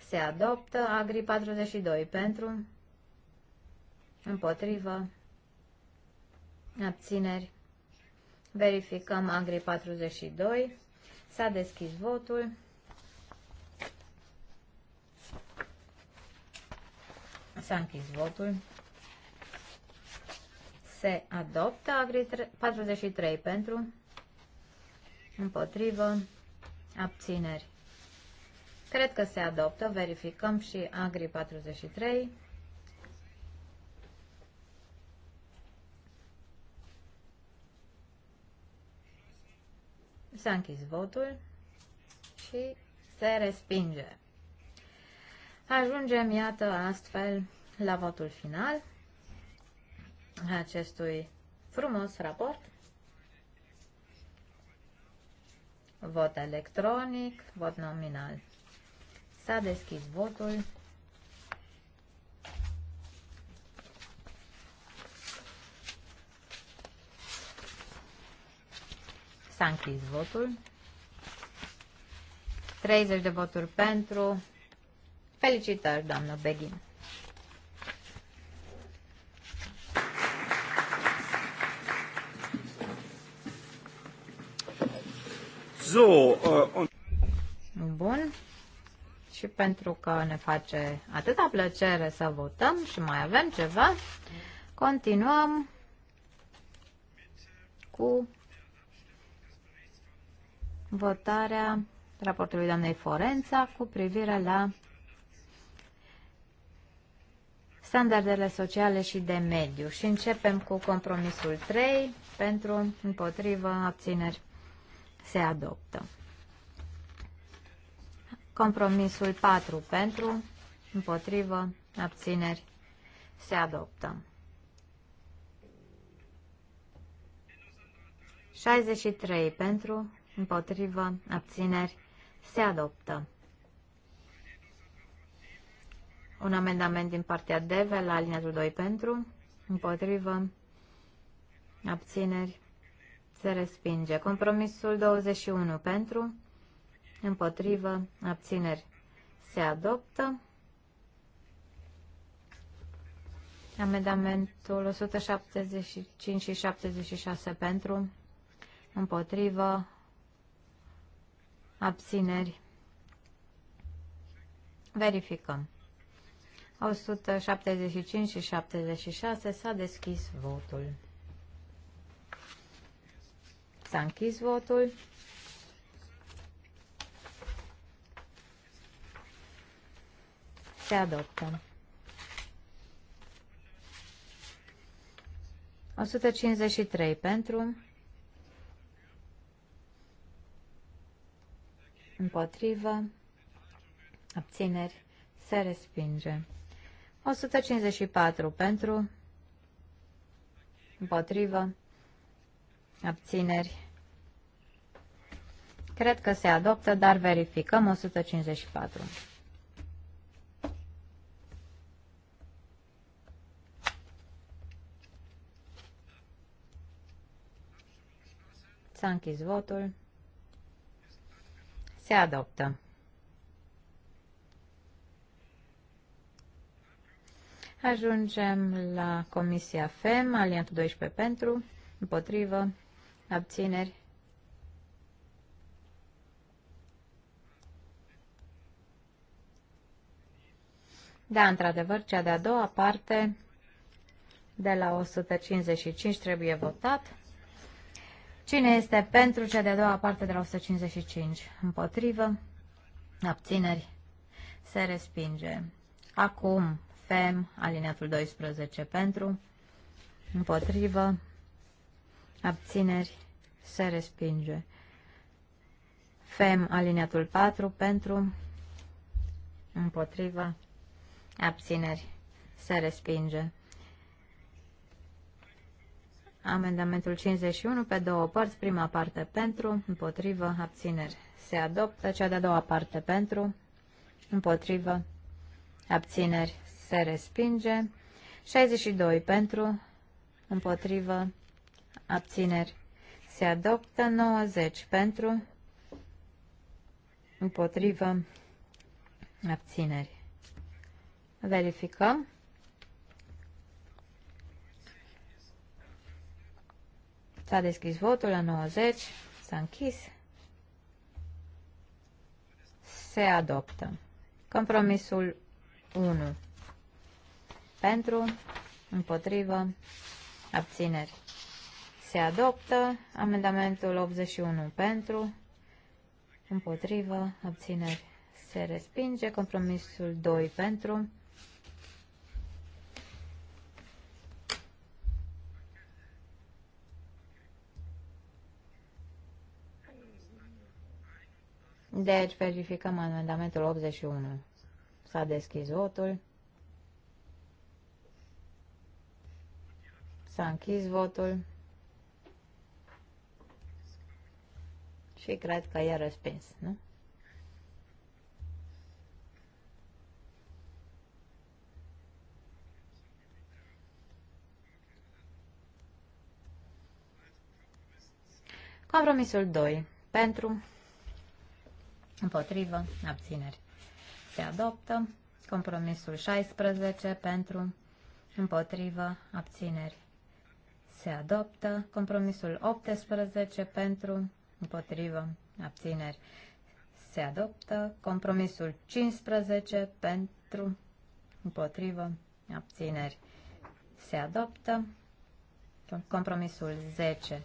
se adoptă. Agri 42 pentru, împotrivă, abțineri Verificăm Agri 42. S-a deschis votul. S-a închis votul. Se adoptă Agri 43 pentru, împotrivă, abțineri. Cred că se adoptă, verificăm și Agri 43. S-a închis votul și se respinge. Ajungem, iată, astfel la votul final acestui frumos raport. Vot electronic, vot nominal. S-a deschis votul. S-a închis votul. 30 de voturi pentru. Felicitări, doamnă Beghin. So, uh, on... Bun. Și pentru că ne face atâta plăcere să votăm și mai avem ceva, continuăm cu votarea raportului doamnei Forența cu privire la standardele sociale și de mediu. Și începem cu compromisul 3 pentru împotrivă abțineri se adoptă. Compromisul 4 pentru împotrivă abțineri se adoptă. 63 pentru împotrivă, abțineri, se adoptă. Un amendament din partea DEVE la alineatul 2 pentru, împotrivă, abțineri, se respinge. Compromisul 21 pentru, împotrivă, abțineri, se adoptă. Amendamentul 175 și 76 pentru, împotrivă, abțineri. Verificăm. 175 și 76 s-a deschis votul. S-a închis votul. Se adoptă. 153 pentru, împotrivă, abțineri, se respinge. 154 pentru, împotrivă, abțineri. Cred că se adoptă, dar verificăm 154. S-a închis votul. Se adoptă. Ajungem la Comisia FEM, aliantul 12 pentru, împotrivă, abțineri. Da, într-adevăr, cea de-a doua parte de la 155 trebuie votat. Cine este pentru cea de-a doua parte de la 155? Împotrivă? Abțineri? Se respinge. Acum, FEM, alineatul 12 pentru, împotrivă, abțineri, se respinge. FEM, alineatul 4 pentru, împotrivă, abțineri, se respinge. Amendamentul 51 pe două părți, prima parte pentru, împotrivă, abțineri. Se adoptă cea de-a doua parte pentru, împotrivă, abțineri. Se respinge. 62 pentru, împotrivă, abțineri. Se adoptă 90 pentru, împotrivă, abțineri. Verificăm. S-a deschis votul la 90, s-a închis. Se adoptă. Compromisul 1. Pentru, împotrivă, abțineri. Se adoptă amendamentul 81 pentru, împotrivă, abțineri. Se respinge compromisul 2 pentru, Deci verificăm amendamentul 81. S-a deschis votul. S-a închis votul. Și cred că e răspins, nu? Compromisul 2. Pentru Împotrivă. Abțineri. Se adoptă. Compromisul 16 pentru. Împotrivă. Abțineri. Se adoptă. Compromisul 18 pentru. Împotrivă. Abțineri. Se adoptă. Compromisul 15 pentru. Împotrivă. Abțineri. Se adoptă. Compromisul 10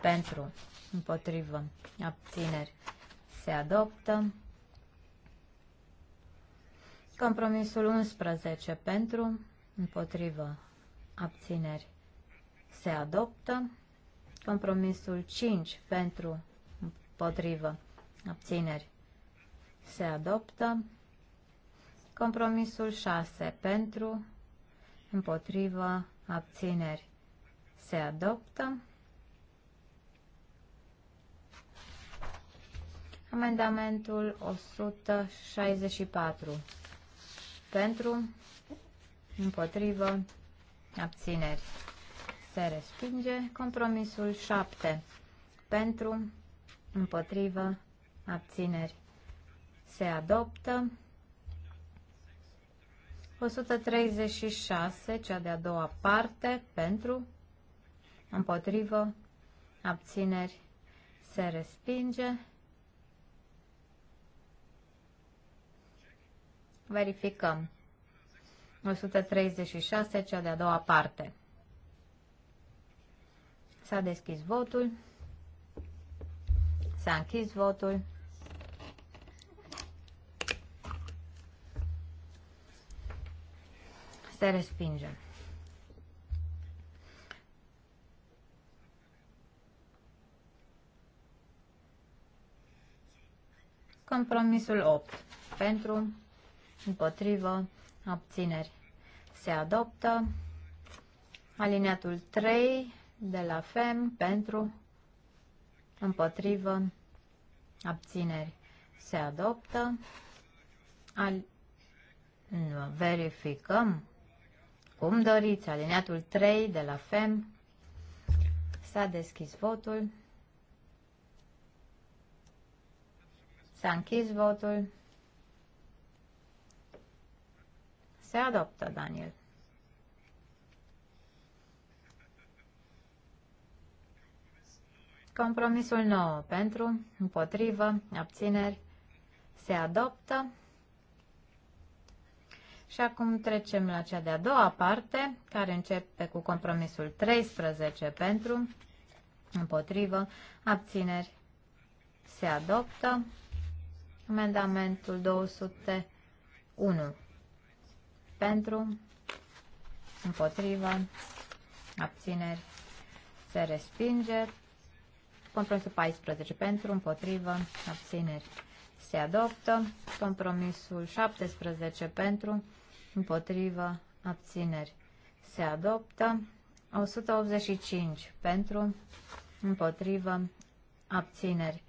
pentru. Împotrivă. Abțineri se adoptă. Compromisul 11 pentru, împotrivă, abțineri, se adoptă. Compromisul 5 pentru, împotrivă, abțineri, se adoptă. Compromisul 6 pentru, împotrivă, abțineri, se adoptă. Amendamentul 164. Pentru, împotrivă, abțineri. Se respinge. Compromisul 7. Pentru, împotrivă, abțineri. Se adoptă. 136, cea de-a doua parte, pentru, împotrivă, abțineri, se respinge. Verificăm. 136, cea de-a doua parte. S-a deschis votul. S-a închis votul. Se respinge. Compromisul 8. Pentru împotrivă, abțineri. Se adoptă alineatul 3 de la FEM pentru, împotrivă, abțineri. Se adoptă. Al... verificăm cum doriți. Alineatul 3 de la FEM. S-a deschis votul. S-a închis votul. Se adoptă, Daniel. Compromisul 9 pentru, împotrivă, abțineri, se adoptă. Și acum trecem la cea de-a doua parte, care începe cu compromisul 13 pentru, împotrivă, abțineri, se adoptă. Amendamentul 201 pentru, împotrivă, abțineri, se respinge. Compromisul 14 pentru, împotrivă, abțineri, se adoptă. Compromisul 17 pentru, împotrivă, abțineri, se adoptă. 185 pentru, împotrivă, abțineri,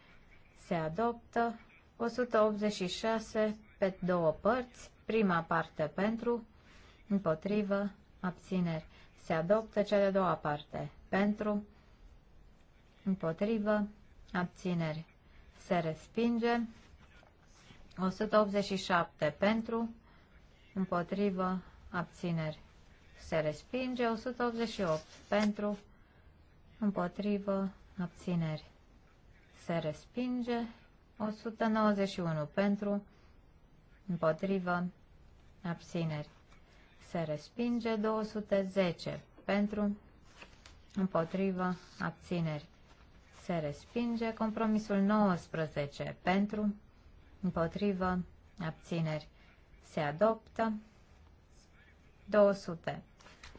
se adoptă. 186 pe două părți. Prima parte pentru, împotrivă, abțineri. Se adoptă cea de doua parte pentru, împotrivă, abțineri. Se respinge. 187 pentru, împotrivă, abțineri. Se respinge 188 pentru, împotrivă, abțineri. Se respinge 191 pentru, împotrivă, abțineri. Se respinge 210 pentru, împotrivă, abțineri. Se respinge compromisul 19 pentru, împotrivă, abțineri. Se adoptă 200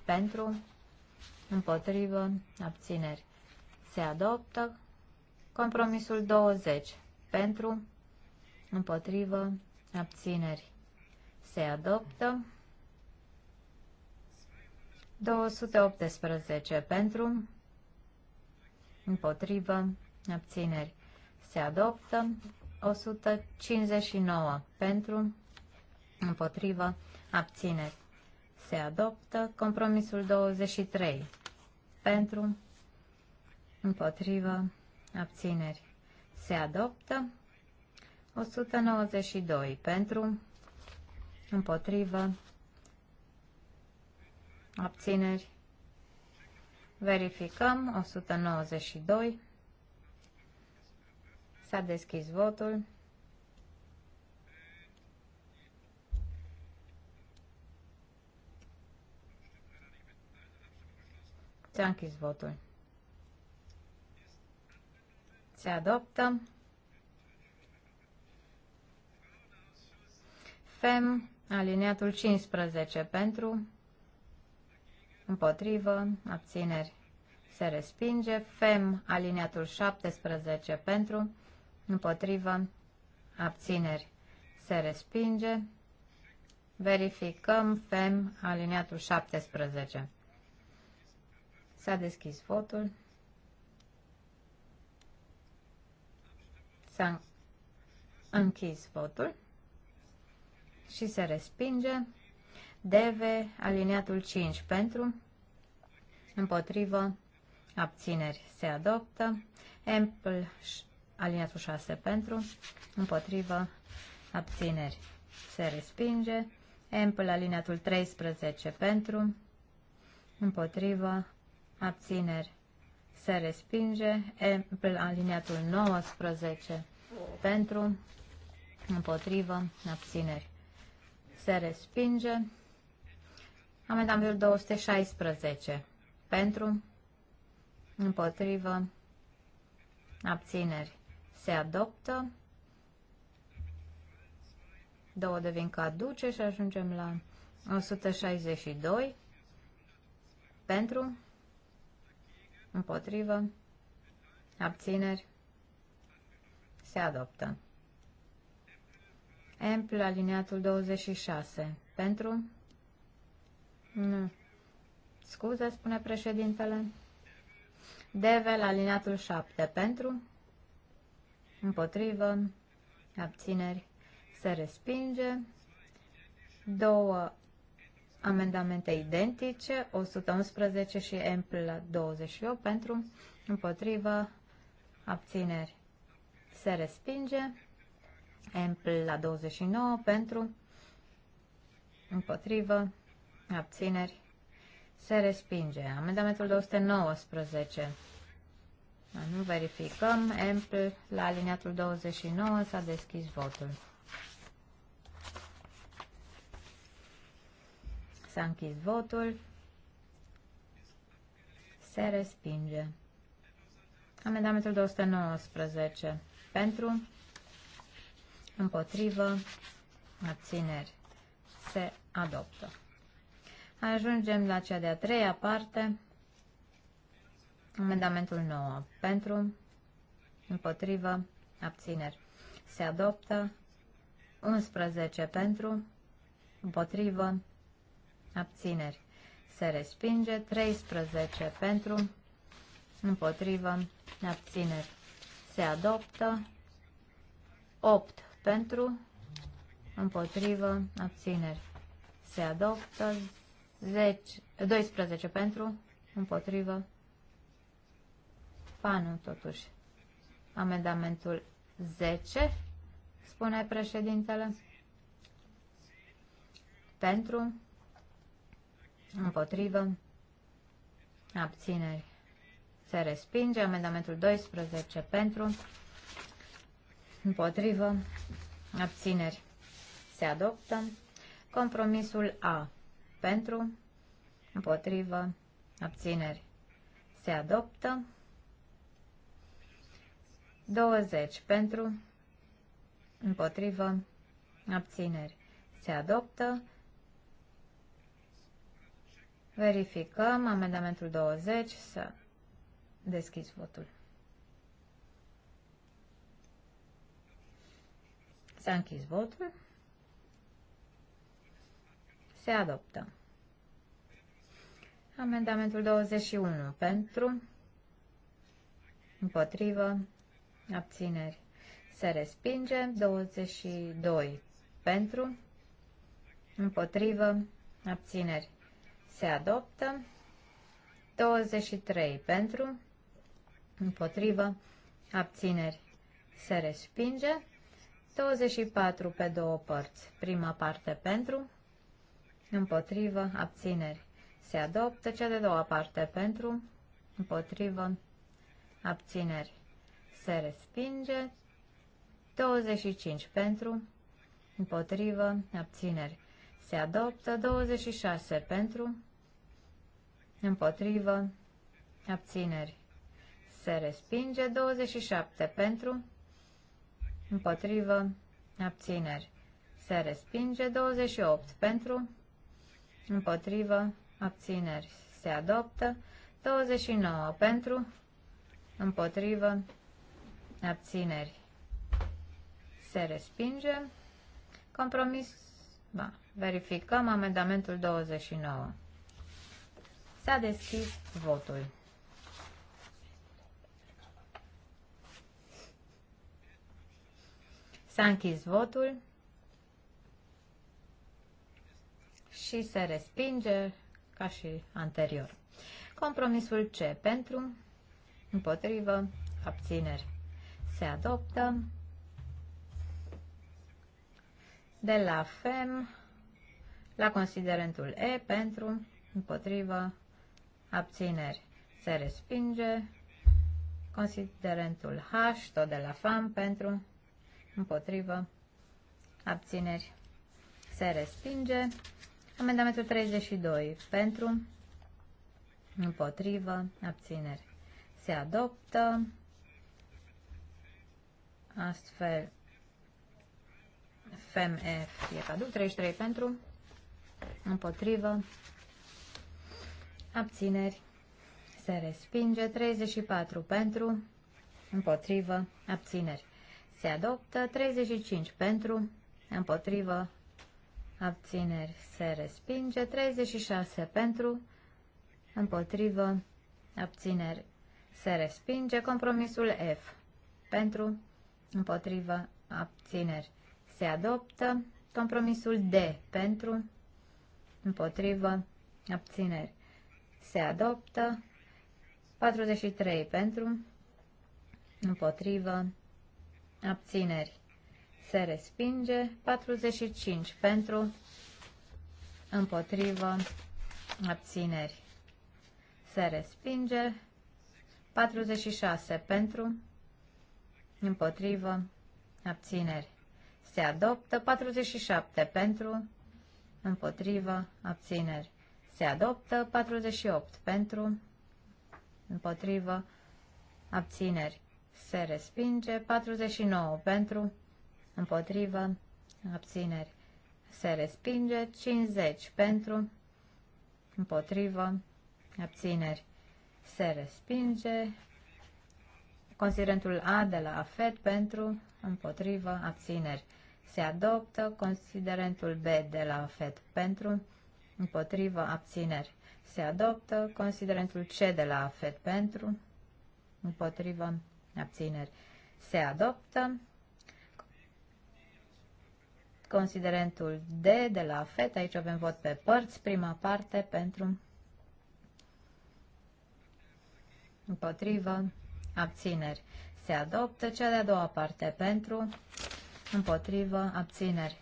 pentru, împotrivă, abțineri. Se adoptă compromisul 20 pentru, împotrivă, abțineri se adoptă. 218 pentru, împotrivă, abțineri se adoptă. 159 pentru, împotrivă, abțineri se adoptă. Compromisul 23 pentru, împotrivă, abțineri se adoptă. 192 pentru, împotrivă, abțineri. Verificăm 192. S-a deschis votul. S-a închis votul. Se adoptă. FEM, aliniatul 15 pentru, împotrivă, abțineri se respinge, FEM, aliniatul 17 pentru, împotrivă, abțineri se respinge, verificăm FEM, aliniatul 17. S-a deschis votul. S-a închis votul și se respinge. Deve, aliniatul 5 pentru, împotrivă, abțineri se adoptă. Empl, aliniatul 6 pentru, împotrivă, abțineri se respinge. Empl, aliniatul 13 pentru, împotrivă, abțineri se respinge. Empl, aliniatul 19 pentru, împotrivă, abțineri se respinge. Amendamentul 216 pentru, împotrivă, abțineri se adoptă. Două devin caduce și ajungem la 162 pentru, împotrivă, abțineri se adoptă. Ample aliniatul 26. Pentru? Nu. Scuze, spune președintele. Devel aliniatul 7. Pentru? Împotrivă. Abțineri. Se respinge. Două amendamente identice, 111 și Ample 28 pentru, împotrivă, abțineri. Se respinge. Empl la 29 pentru, împotrivă, abțineri, se respinge. Amendamentul 219. Nu verificăm. Empl la aliniatul 29 s-a deschis votul. S-a închis votul. Se respinge. Amendamentul 219. Pentru, împotrivă, abțineri, se adoptă. Ajungem la cea de-a treia parte, amendamentul 9. Pentru, împotrivă, abțineri, se adoptă. 11 pentru, împotrivă, abțineri, se respinge. 13 pentru, împotrivă, abțineri, se adoptă. 8 pentru, împotrivă, abțineri. Se adoptă 10, 12 pentru, împotrivă, panul totuși. Amendamentul 10, spune președintele, pentru, împotrivă, abțineri. Se respinge amendamentul 12 pentru, împotrivă, abțineri, se adoptă. Compromisul A, pentru, împotrivă, abțineri, se adoptă. 20 pentru, împotrivă, abțineri. Se adoptă. Verificăm amendamentul 20 să deschizi votul. S-a închis votul. Se adoptă. Amendamentul 21 pentru, împotrivă, abțineri. Se respinge. 22 pentru, împotrivă, abțineri. Se adoptă. 23 pentru, împotrivă, abțineri. Se respinge. 24 pe două părți. Prima parte pentru, împotrivă, abțineri. Se adoptă cea de doua parte pentru, împotrivă, abțineri. Se respinge. 25 pentru, împotrivă, abțineri. Se adoptă 26 pentru, împotrivă, abțineri. Se respinge 27 pentru, împotrivă, abțineri. Se respinge 28 pentru, împotrivă, abțineri. Se adoptă 29 pentru, împotrivă, abțineri. Se respinge. Compromis. Ba, verificăm amendamentul 29. S-a deschis votul. S-a închis votul și se respinge ca și anterior. Compromisul C pentru, împotrivă, abțineri. Se adoptă de la FEM la considerentul E pentru, împotrivă, abțineri. Se respinge considerentul H, tot de la FAM pentru, împotrivă, abțineri, se respinge. Amendamentul 32 pentru, împotrivă, abțineri, se adoptă. Astfel, FMF e caduc, 33 pentru, împotrivă, abțineri, se respinge, 34 pentru, împotrivă, abțineri, se adoptă. 35 pentru, împotrivă, abțineri, se respinge. 36 pentru, împotrivă, abțineri, se respinge. Compromisul F pentru, împotrivă, abțineri, se adoptă. Compromisul D pentru, împotrivă, abțineri, se adoptă. 43 pentru, împotrivă, abțineri se respinge, 45 pentru, împotrivă, abțineri se respinge, 46 pentru, împotrivă, abțineri se adoptă, 47 pentru, împotrivă, abțineri se adoptă, 48 pentru, împotrivă, abțineri se respinge, 49 pentru, împotrivă, abțineri, se respinge, 50 pentru, împotrivă, abțineri, se respinge, considerentul A de la AFET pentru, împotrivă, abțineri, se adoptă, considerentul B de la AFET pentru, împotrivă, abțineri, se adoptă, considerentul C de la AFET pentru, împotrivă, abțineri se adoptă. Considerentul D de la FET, aici avem vot pe părți, prima parte pentru împotrivă, abțineri se adoptă, cea de-a doua parte pentru împotrivă, abțineri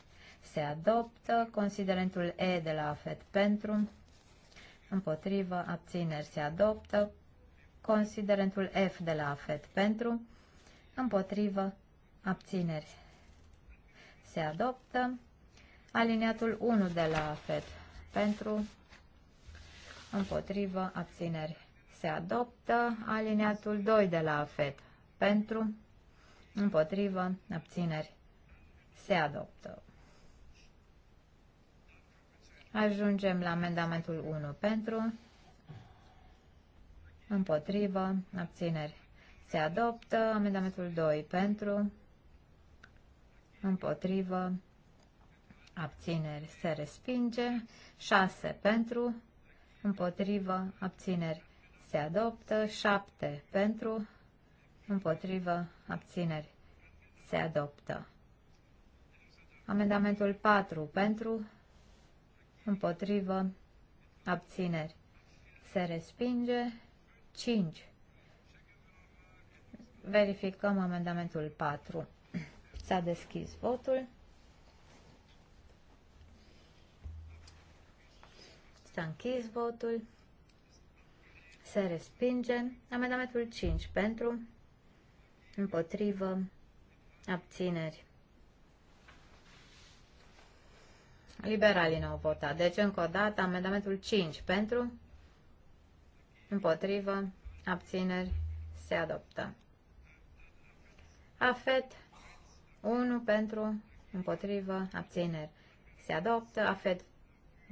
se adoptă, considerentul E de la FET pentru, împotrivă, abțineri se adoptă, Considerentul F de la AFET pentru, împotrivă, abțineri. Se adoptă. Aliniatul 1 de la AFET pentru, împotrivă, abțineri. Se adoptă. Aliniatul 2 de la AFET pentru, împotrivă, abțineri. Se adoptă. Ajungem la amendamentul 1 pentru, împotrivă, abțineri. Se adoptă amendamentul 2 pentru, împotrivă, abțineri. Se respinge 6 pentru, împotrivă, abțineri. Se adoptă 7 pentru, împotrivă, abțineri. Se adoptă. Amendamentul 4 pentru, împotrivă, abțineri. Se respinge 5. Verificăm amendamentul 4. S-a deschis votul. S-a închis votul. Se respinge. Amendamentul 5 pentru. Împotrivă. Abțineri. Liberalii nu au votat. Deci, încă o dată, amendamentul 5 pentru împotrivă, abțineri, se adoptă. Afet 1 pentru, împotrivă, abțineri, se adoptă. Afet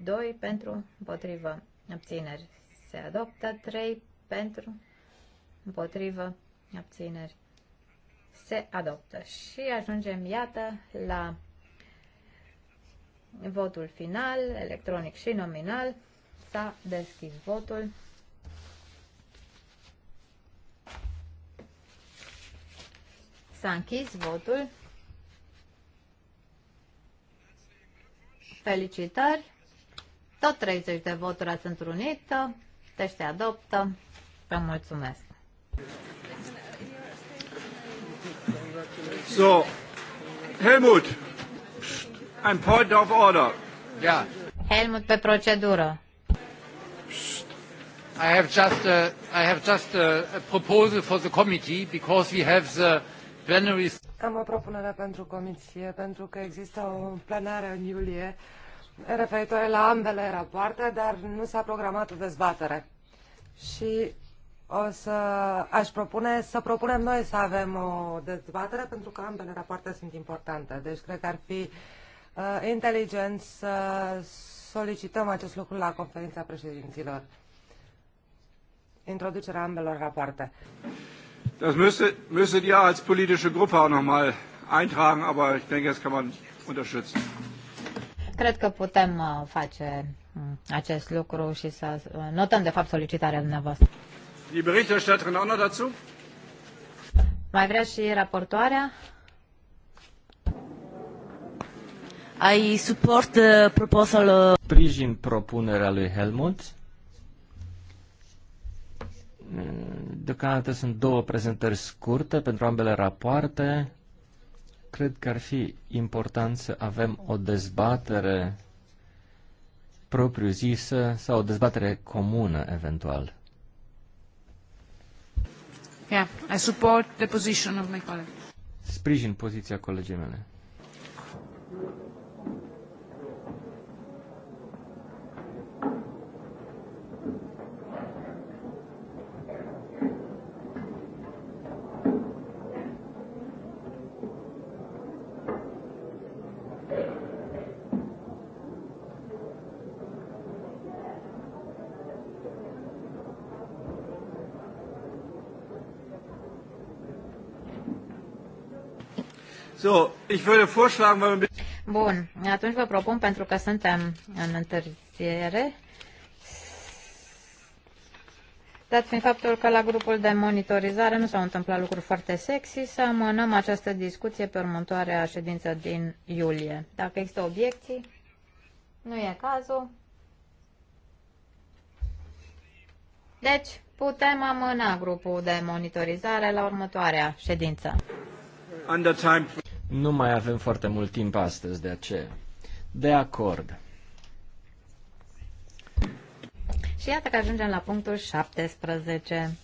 2 pentru, împotrivă, abțineri, se adoptă. 3 pentru, împotrivă, abțineri, se adoptă. Și ajungem, iată, la votul final, electronic și nominal. S-a deschis votul. S-a închis votul. Felicitări. Tot 30 de voturi ați întrunit. Deci se adoptă. Vă mulțumesc. So, Helmut, un point of order. Yeah. Helmut pe procedură. I have just a, uh, I have just a, uh, a proposal for the committee because we have the am o propunere pentru comisie, pentru că există o plenară în iulie referitoare la ambele rapoarte, dar nu s-a programat o dezbatere. Și o să aș propune să propunem noi să avem o dezbatere, pentru că ambele rapoarte sunt importante. Deci cred că ar fi uh, inteligent să solicităm acest lucru la conferința președinților. Introducerea ambelor rapoarte. Das müsste, müsstet ihr als politische Gruppe auch noch mal eintragen, aber ich denke, das kann man unterstützen. Cred că putem uh, face mm, acest lucru și să uh, notăm, de fapt, solicitarea dumneavoastră. Die Berichterstatterin auch noch dazu? Mai vrea și raportoarea? I support the uh, proposal. Sprijin propunerea lui Helmut Deocamdată sunt două prezentări scurte pentru ambele rapoarte. Cred că ar fi important să avem o dezbatere propriu-zisă sau o dezbatere comună, eventual. Yeah, I support the position of my colleague. Sprijin poziția colegii mele. Bun, atunci vă propun, pentru că suntem în întârziere, dat fiind faptul că la grupul de monitorizare nu s-au întâmplat lucruri foarte sexy, să amânăm această discuție pe următoarea ședință din iulie. Dacă există obiecții, nu e cazul. Deci, putem amâna grupul de monitorizare la următoarea ședință. Nu mai avem foarte mult timp astăzi de aceea. De acord. Și iată că ajungem la punctul 17.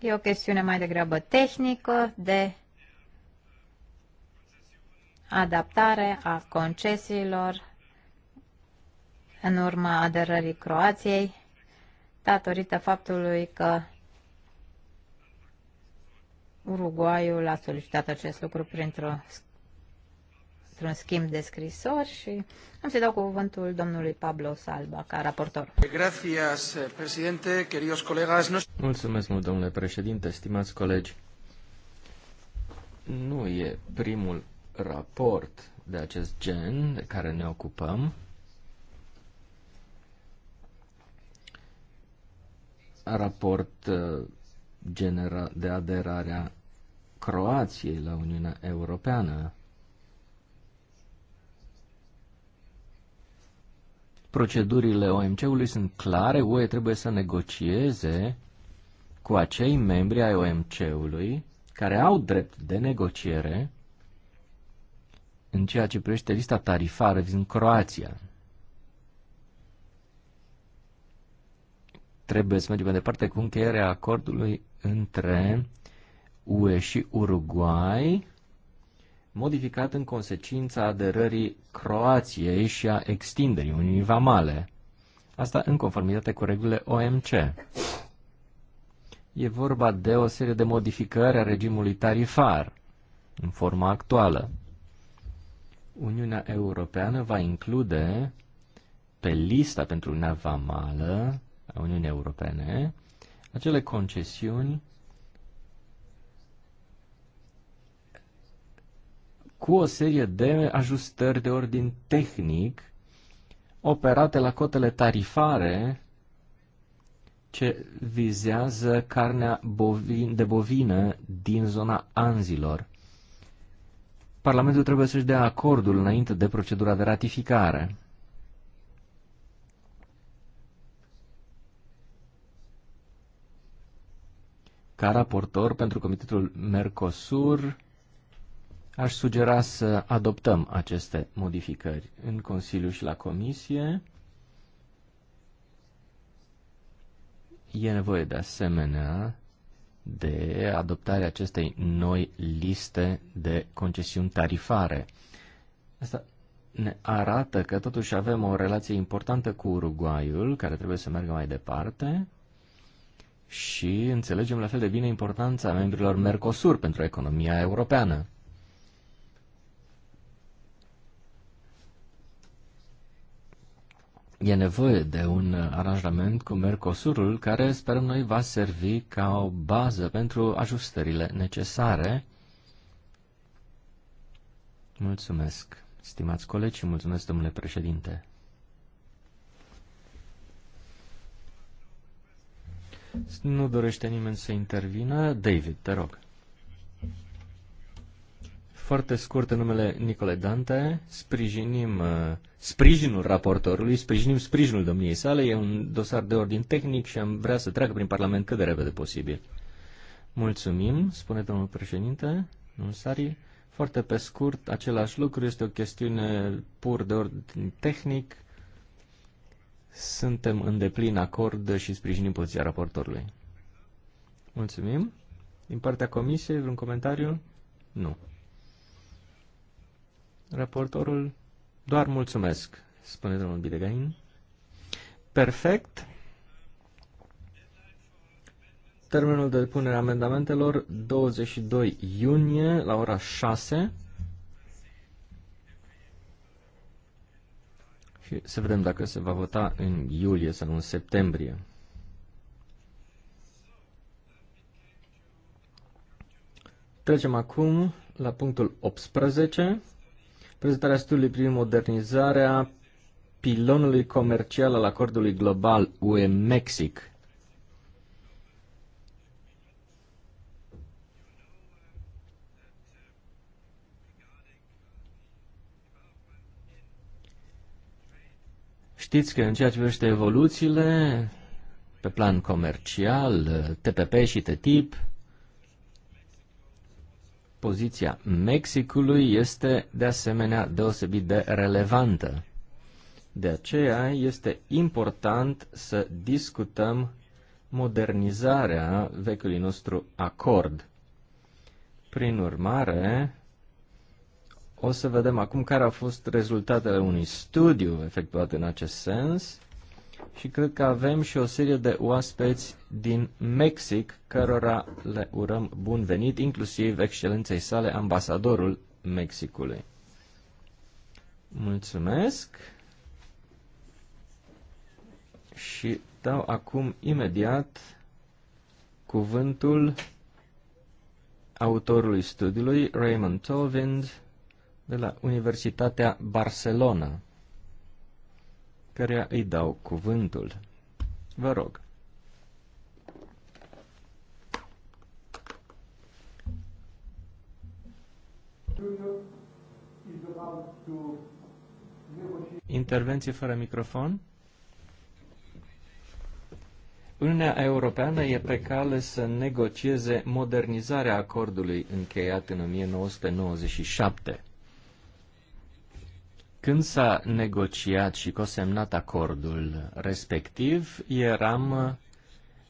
E o chestiune mai degrabă tehnică de adaptare a concesiilor în urma aderării Croației, datorită faptului că Uruguayul a solicitat acest lucru printr-o într-un schimb de scrisori și am să dau cuvântul domnului Pablo Salba ca raportor. Gracias, presidente, queridos colegas. Mulțumesc mult, domnule președinte, stimați colegi. Nu e primul raport de acest gen de care ne ocupăm. Raport uh, genera- de aderarea Croației la Uniunea Europeană. Procedurile OMC-ului sunt clare, UE trebuie să negocieze cu acei membri ai OMC-ului care au drept de negociere în ceea ce privește lista tarifară din Croația. Trebuie să mergem mai departe cu încheierea acordului între UE și Uruguay, modificat în consecința aderării Croației și a extinderii Uniunii Vamale. Asta în conformitate cu regulile OMC. E vorba de o serie de modificări a regimului tarifar în forma actuală. Uniunea Europeană va include pe lista pentru Uniunea Vamală a Uniunii Europene acele concesiuni cu o serie de ajustări de ordin tehnic operate la cotele tarifare ce vizează carnea bovin, de bovină din zona anzilor. Parlamentul trebuie să-și dea acordul înainte de procedura de ratificare. Ca raportor pentru Comitetul Mercosur, aș sugera să adoptăm aceste modificări în Consiliu și la Comisie. E nevoie de asemenea de adoptarea acestei noi liste de concesiuni tarifare. Asta ne arată că totuși avem o relație importantă cu Uruguayul, care trebuie să meargă mai departe și înțelegem la fel de bine importanța membrilor Mercosur pentru economia europeană. E nevoie de un aranjament cu Mercosurul care sperăm noi va servi ca o bază pentru ajustările necesare. Mulțumesc, stimați colegi, și mulțumesc, domnule președinte. Nu dorește nimeni să intervină. David, te rog. Foarte scurt în numele Nicole Dante, sprijinim uh, sprijinul raportorului, sprijinim sprijinul domniei sale, e un dosar de ordin tehnic și am vrea să treacă prin Parlament cât de repede posibil. Mulțumim, spune domnul președinte, sari. Foarte pe scurt, același lucru, este o chestiune pur de ordin tehnic, suntem în deplin acord și sprijinim poziția raportorului. Mulțumim. Din partea comisiei, vreun comentariu? Nu. Raportorul, doar mulțumesc, spune domnul Bidegain. Perfect. Termenul de depunere a amendamentelor 22 iunie la ora 6. și să vedem dacă se va vota în iulie sau în septembrie. Trecem acum la punctul 18, prezentarea studiului privind modernizarea pilonului comercial al acordului global UE-Mexic. Știți că în ceea ce privește evoluțiile, pe plan comercial, TPP și TTIP, poziția Mexicului este de asemenea deosebit de relevantă. De aceea este important să discutăm modernizarea vechiului nostru acord. Prin urmare, o să vedem acum care au fost rezultatele unui studiu efectuat în acest sens și cred că avem și o serie de oaspeți din Mexic, cărora le urăm bun venit, inclusiv excelenței sale ambasadorul Mexicului. Mulțumesc și dau acum imediat cuvântul autorului studiului, Raymond Tolvind, de la Universitatea Barcelona, care îi dau cuvântul. Vă rog. Intervenție fără microfon. Uniunea Europeană e pe cale să negocieze modernizarea acordului încheiat în 1997. Când s-a negociat și cosemnat acordul respectiv, eram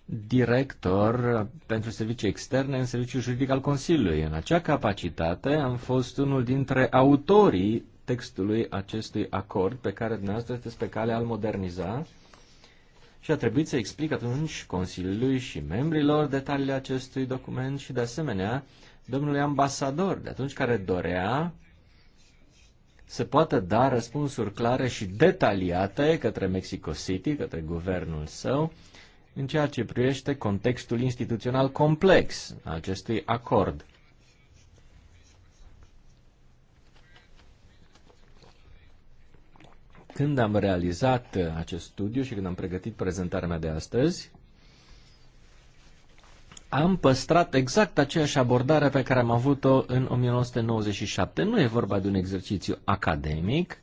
director pentru servicii externe în serviciul juridic al Consiliului. În acea capacitate am fost unul dintre autorii textului acestui acord pe care dumneavoastră este pe cale al moderniza și a trebuit să explic atunci Consiliului și membrilor detaliile acestui document și de asemenea domnului ambasador de atunci care dorea se poată da răspunsuri clare și detaliate către Mexico City, către guvernul său, în ceea ce privește contextul instituțional complex al acestui acord. Când am realizat acest studiu și când am pregătit prezentarea mea de astăzi, am păstrat exact aceeași abordare pe care am avut-o în 1997. Nu e vorba de un exercițiu academic,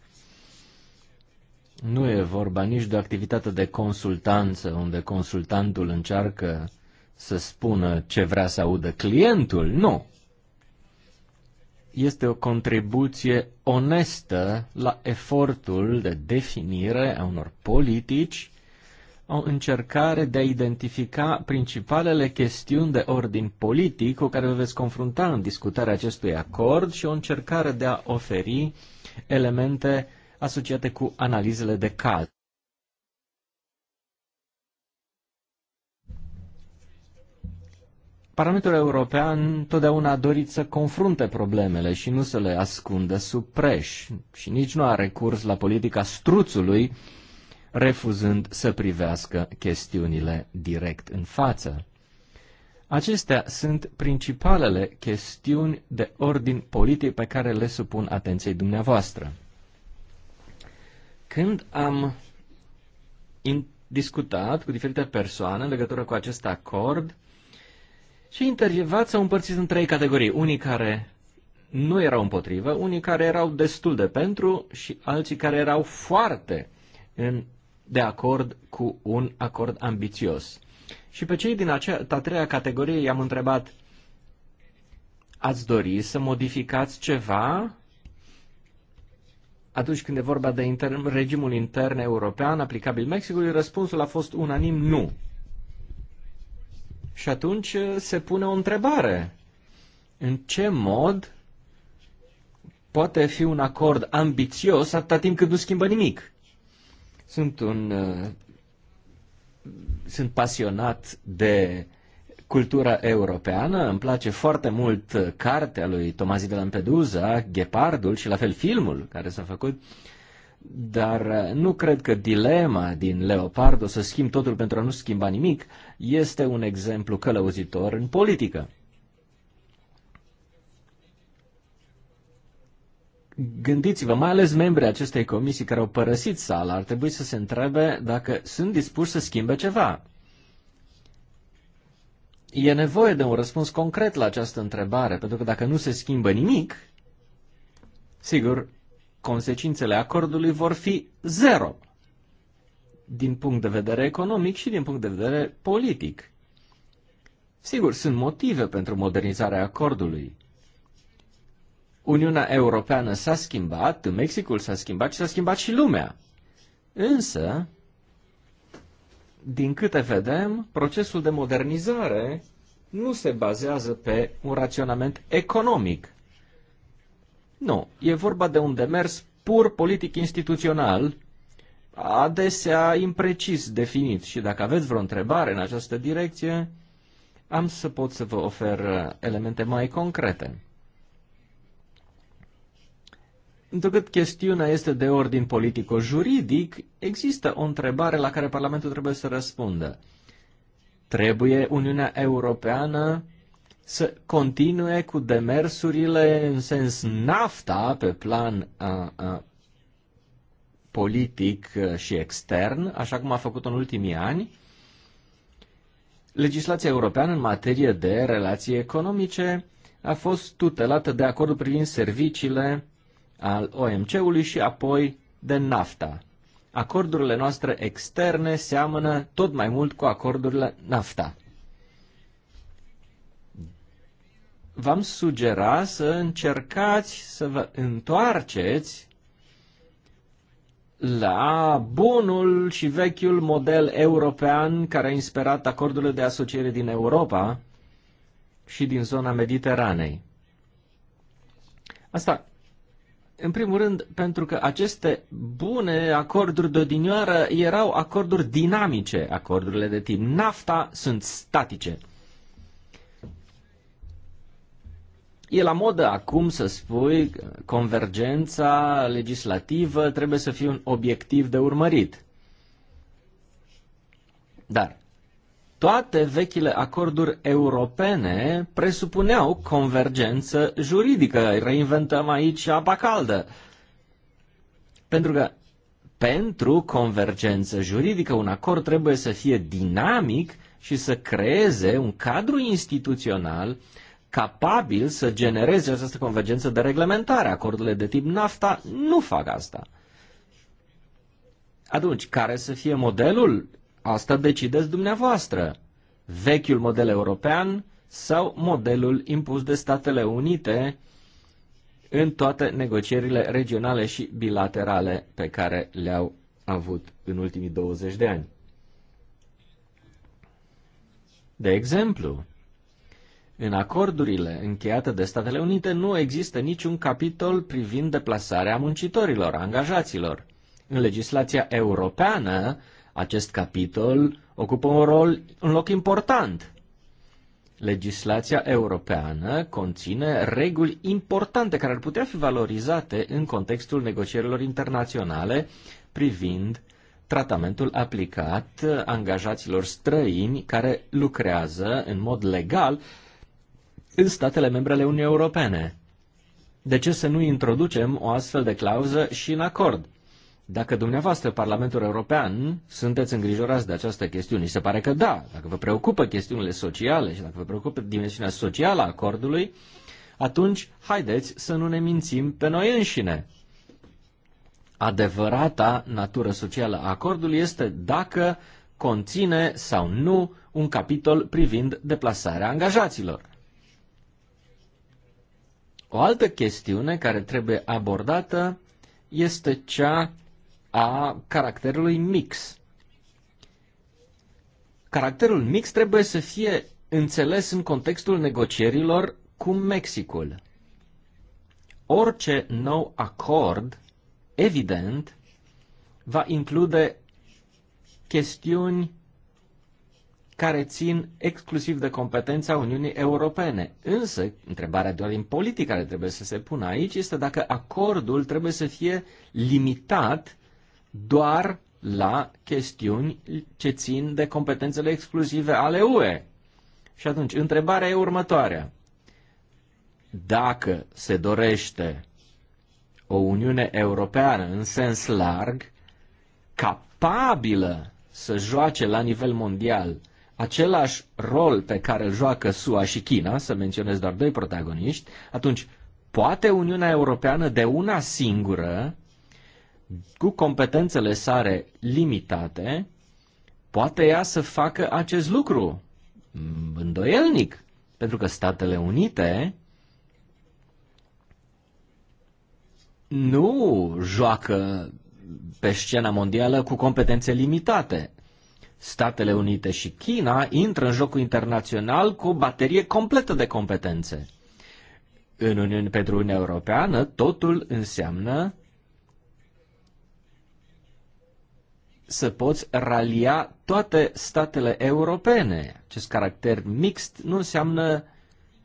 nu e vorba nici de o activitate de consultanță, unde consultantul încearcă să spună ce vrea să audă clientul. Nu! Este o contribuție onestă la efortul de definire a unor politici o încercare de a identifica principalele chestiuni de ordin politic cu care vă veți confrunta în discutarea acestui acord și o încercare de a oferi elemente asociate cu analizele de caz. Parlamentul European totdeauna a dorit să confrunte problemele și nu să le ascundă sub preș și nici nu a recurs la politica struțului refuzând să privească chestiunile direct în față. Acestea sunt principalele chestiuni de ordin politic pe care le supun atenției dumneavoastră. Când am discutat cu diferite persoane în legătură cu acest acord și intervievat s-au împărțit în trei categorii. Unii care nu erau împotrivă, unii care erau destul de pentru și alții care erau foarte în de acord cu un acord ambițios. Și pe cei din acea a treia categorie i-am întrebat, ați dori să modificați ceva atunci când e vorba de inter- regimul intern european aplicabil Mexicului, răspunsul a fost unanim nu. Și atunci uh, se pune o întrebare. În ce mod poate fi un acord ambițios atâta timp cât nu schimbă nimic? Sunt un uh, sunt pasionat de cultura europeană, îmi place foarte mult uh, cartea lui Tomasi de Lampedusa, Ghepardul și la fel filmul care s-a făcut, dar uh, nu cred că dilema din Leopardo să schimb totul pentru a nu schimba nimic este un exemplu călăuzitor în politică. Gândiți-vă, mai ales membrii acestei comisii care au părăsit sala ar trebui să se întrebe dacă sunt dispuși să schimbe ceva. E nevoie de un răspuns concret la această întrebare, pentru că dacă nu se schimbă nimic, sigur, consecințele acordului vor fi zero din punct de vedere economic și din punct de vedere politic. Sigur, sunt motive pentru modernizarea acordului, Uniunea Europeană s-a schimbat, Mexicul s-a schimbat și s-a schimbat și lumea. Însă, din câte vedem, procesul de modernizare nu se bazează pe un raționament economic. Nu, e vorba de un demers pur politic instituțional, adesea imprecis definit. Și dacă aveți vreo întrebare în această direcție, am să pot să vă ofer elemente mai concrete. Întrucât chestiunea este de ordin politico-juridic, există o întrebare la care Parlamentul trebuie să răspundă. Trebuie Uniunea Europeană să continue cu demersurile în sens NAFTA pe plan a, a, politic și extern, așa cum a făcut în ultimii ani, legislația europeană în materie de relații economice a fost tutelată de acordul privind serviciile al OMC-ului și apoi de NAFTA. Acordurile noastre externe seamănă tot mai mult cu acordurile NAFTA. V-am sugera să încercați să vă întoarceți la bunul și vechiul model european care a inspirat acordurile de asociere din Europa și din zona Mediteranei. Asta în primul rând, pentru că aceste bune acorduri de odinioară erau acorduri dinamice, acordurile de timp. NAFTA sunt statice. E la modă acum să spui convergența legislativă trebuie să fie un obiectiv de urmărit. Dar toate vechile acorduri europene presupuneau convergență juridică. Reinventăm aici apa caldă. Pentru că pentru convergență juridică un acord trebuie să fie dinamic și să creeze un cadru instituțional capabil să genereze această convergență de reglementare. Acordurile de tip NAFTA nu fac asta. Atunci, care să fie modelul? Asta decideți dumneavoastră. Vechiul model european sau modelul impus de Statele Unite în toate negocierile regionale și bilaterale pe care le-au avut în ultimii 20 de ani. De exemplu, în acordurile încheiate de Statele Unite nu există niciun capitol privind deplasarea muncitorilor, angajaților. În legislația europeană acest capitol ocupă un, rol, un loc important. Legislația europeană conține reguli importante care ar putea fi valorizate în contextul negocierilor internaționale privind tratamentul aplicat angajaților străini care lucrează în mod legal în statele membre ale Uniunii Europene. De ce să nu introducem o astfel de clauză și în acord? Dacă dumneavoastră, Parlamentul European, sunteți îngrijorați de această chestiune, și se pare că da, dacă vă preocupă chestiunile sociale și dacă vă preocupă dimensiunea socială a acordului, atunci haideți să nu ne mințim pe noi înșine. Adevărata natură socială a acordului este dacă conține sau nu un capitol privind deplasarea angajaților. O altă chestiune care trebuie abordată este cea a caracterului mix. Caracterul mix trebuie să fie înțeles în contextul negocierilor cu Mexicul. Orice nou acord, evident, va include chestiuni care țin exclusiv de competența Uniunii Europene. Însă, întrebarea doar din politică care trebuie să se pună aici este dacă acordul trebuie să fie limitat doar la chestiuni ce țin de competențele exclusive ale UE. Și atunci, întrebarea e următoarea. Dacă se dorește o Uniune Europeană în sens larg, capabilă să joace la nivel mondial același rol pe care îl joacă SUA și China, să menționez doar doi protagoniști, atunci poate Uniunea Europeană de una singură cu competențele sale limitate, poate ea să facă acest lucru mm, îndoielnic, pentru că Statele Unite nu joacă pe scena mondială cu competențe limitate. Statele Unite și China intră în jocul internațional cu o baterie completă de competențe. În Uniune, pentru Uniunea Europeană, totul înseamnă să poți ralia toate statele europene. Acest caracter mixt nu înseamnă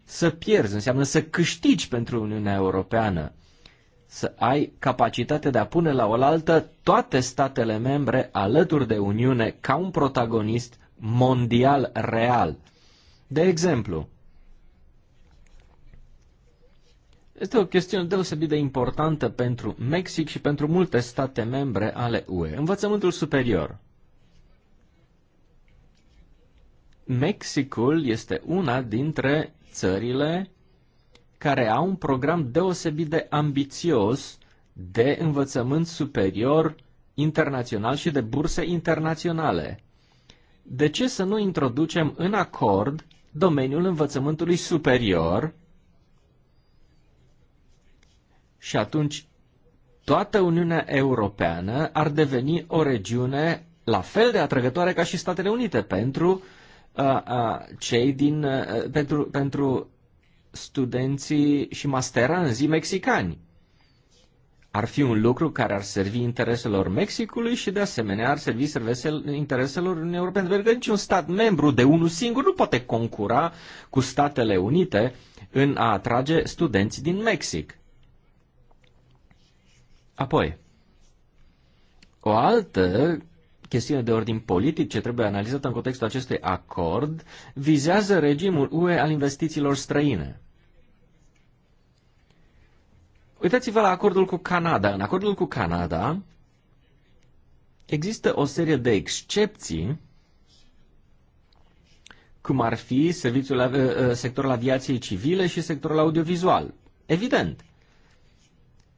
să pierzi, înseamnă să câștigi pentru Uniunea Europeană. Să ai capacitatea de a pune la oaltă toate statele membre alături de Uniune ca un protagonist mondial real. De exemplu, Este o chestiune deosebit de importantă pentru Mexic și pentru multe state membre ale UE. Învățământul superior. Mexicul este una dintre țările care au un program deosebit de ambițios de învățământ superior internațional și de burse internaționale. De ce să nu introducem în acord domeniul învățământului superior și atunci toată Uniunea Europeană ar deveni o regiune la fel de atrăgătoare ca și Statele Unite pentru uh, uh, cei din uh, pentru, pentru studenții și masteranzii mexicani. Ar fi un lucru care ar servi intereselor Mexicului și de asemenea ar servi intereselor Uniunii Europene, pentru că un stat membru de unul singur nu poate concura cu Statele Unite în a atrage studenți din Mexic. Apoi, o altă chestiune de ordin politic ce trebuie analizată în contextul acestui acord vizează regimul UE al investițiilor străine. Uitați-vă la acordul cu Canada. În acordul cu Canada există o serie de excepții cum ar fi serviciul, ă, ă, sectorul aviației civile și sectorul audiovizual. Evident.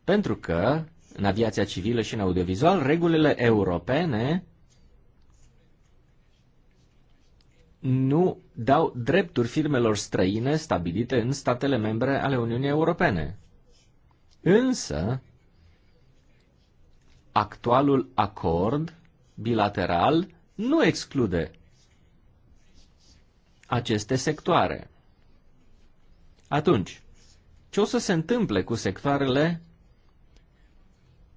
Pentru că în aviația civilă și în audiovizual, regulile europene nu dau drepturi firmelor străine stabilite în statele membre ale Uniunii Europene. Însă, actualul acord bilateral nu exclude aceste sectoare. Atunci, ce o să se întâmple cu sectoarele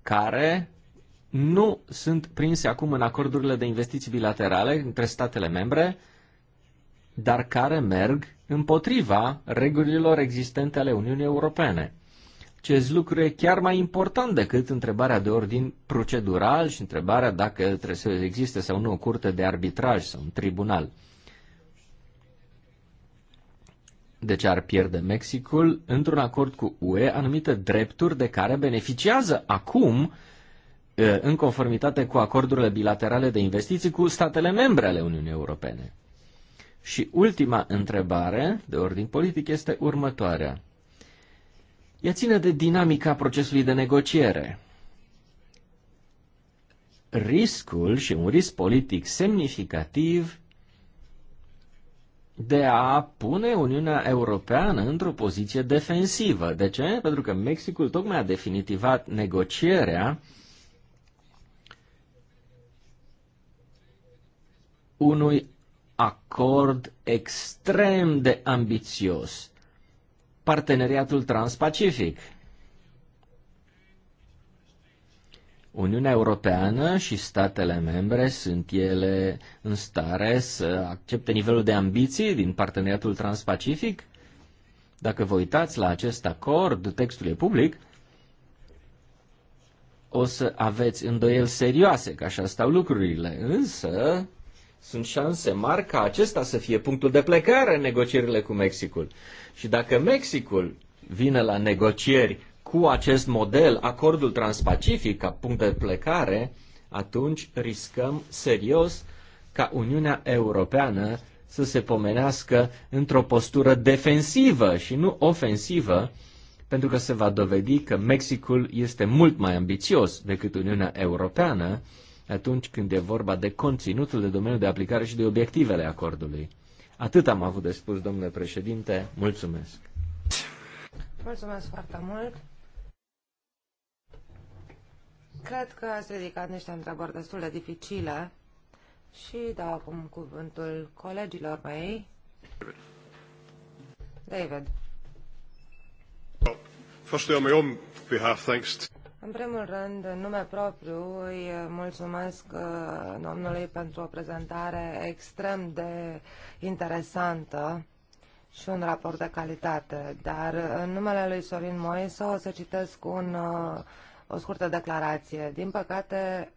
care nu sunt prinse acum în acordurile de investiții bilaterale între statele membre, dar care merg împotriva regulilor existente ale Uniunii Europene. Acest lucru e chiar mai important decât întrebarea de ordin procedural și întrebarea dacă trebuie să existe sau nu o curte de arbitraj sau un tribunal. De ce ar pierde Mexicul, într-un acord cu UE, anumite drepturi de care beneficiază acum, în conformitate cu acordurile bilaterale de investiții cu statele membre ale Uniunii Europene? Și ultima întrebare, de ordin politic, este următoarea. Ea ține de dinamica procesului de negociere. Riscul și un risc politic semnificativ de a pune Uniunea Europeană într-o poziție defensivă. De ce? Pentru că Mexicul tocmai a definitivat negocierea unui acord extrem de ambițios, parteneriatul transpacific. Uniunea Europeană și statele membre sunt ele în stare să accepte nivelul de ambiții din parteneriatul transpacific? Dacă vă uitați la acest acord, textul e public, o să aveți îndoieli serioase că așa stau lucrurile, însă sunt șanse mari ca acesta să fie punctul de plecare în negocierile cu Mexicul. Și dacă Mexicul vine la negocieri cu acest model, acordul transpacific ca punct de plecare, atunci riscăm serios ca Uniunea Europeană să se pomenească într-o postură defensivă și nu ofensivă, pentru că se va dovedi că Mexicul este mult mai ambițios decât Uniunea Europeană atunci când e vorba de conținutul, de domeniu de aplicare și de obiectivele acordului. Atât am avut de spus, domnule președinte. Mulțumesc! Mulțumesc foarte mult! Cred că ați ridicat niște întrebări destul de dificile și dau acum cuvântul colegilor mei. David. În primul rând, în nume propriu, îi mulțumesc uh, domnului pentru o prezentare extrem de interesantă și un raport de calitate. Dar în numele lui Sorin Moise o să citesc un uh, o scurtă declarație. Din păcate,